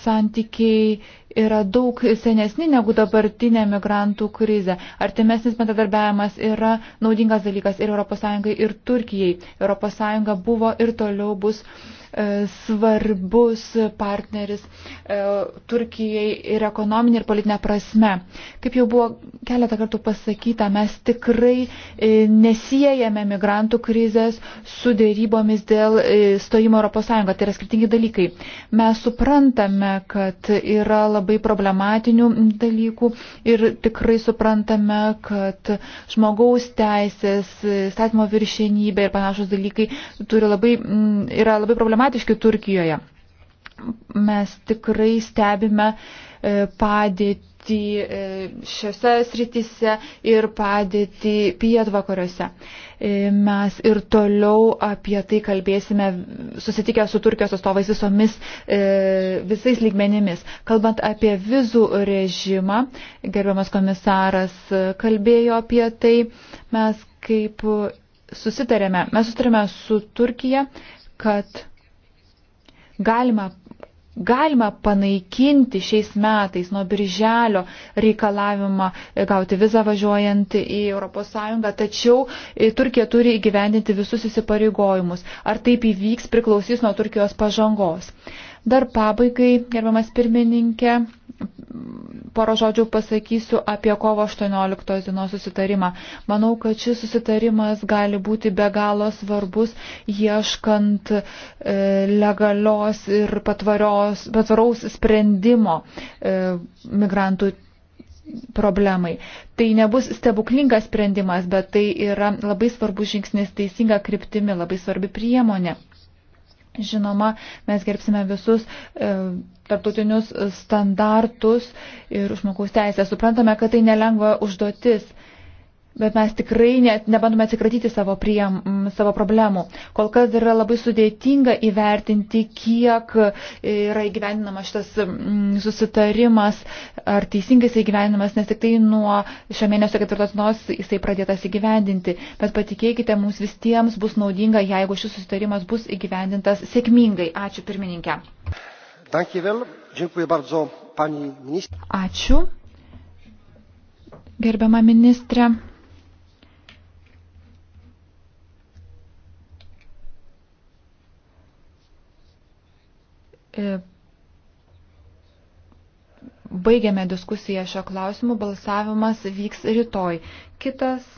santykiai yra daug senesni negu dabartinė migrantų krizė. Artimesnis bendradarbiavimas yra naudingas dalykas ir ES, ir Turkijai. ES buvo ir toliau bus e, svarbus partneris e, Turkijai ir ekonominė, ir politinė prasme. Kaip jau buvo keletą kartų pasakyta, mes tikrai e, nesijėjame migrantų krizės su dėrybomis dėl e, stojimo ES. Tai yra skirtingi dalykai. Mes suprantame, kad yra labai labai problematinių dalykų ir tikrai suprantame, kad žmogaus teisės, statymo viršienybė ir panašus dalykai labai, mm, yra labai problematiški Turkijoje. Mes tikrai stebime e, padėti padėtį e, šiose sritise ir padėtį pietvakariuose. E, mes ir toliau apie tai kalbėsime susitikę su Turkijos atstovais visomis, e, visais lygmenimis. Kalbant apie vizų režimą, gerbiamas komisaras kalbėjo apie tai, mes kaip susitarėme, mes susitarėme su Turkija, kad galima galima panaikinti šiais metais nuo birželio reikalavimą gauti vizą važiuojant į ES, tačiau e, Turkija turi įgyvendinti visus įsipareigojimus. Ar taip įvyks priklausys nuo Turkijos pažangos. Dar pabaigai, gerbiamas pirmininkė, poro žodžių pasakysiu apie kovo 18 dienos susitarimą. Manau, kad šis susitarimas gali būti be galo svarbus, ieškant e, legalios ir patvaraus sprendimo e, migrantų problemai. Tai nebus stebuklingas sprendimas, bet tai yra labai svarbus žingsnis teisinga kryptimi, labai svarbi priemonė. Žinoma, mes gerbsime visus e, tarptautinius standartus ir žmogaus teisę. Suprantame, kad tai nelengva užduotis. Bet mes tikrai net nebandome atsikratyti savo, priem, savo problemų. Kol kas yra labai sudėtinga įvertinti, kiek yra įgyvendinamas šitas susitarimas, ar teisingai jisai įgyvendinamas, nes tik tai nuo šio mėnesio ketvirtos dienos jisai pradėtas įgyvendinti. Bet patikėkite, mums visiems bus naudinga, jeigu šis susitarimas bus įgyvendintas sėkmingai. Ačiū pirmininkė. Ačiū. Gerbiama ministrė. E, baigiame diskusiją šio klausimu, balsavimas vyks rytoj. Kitas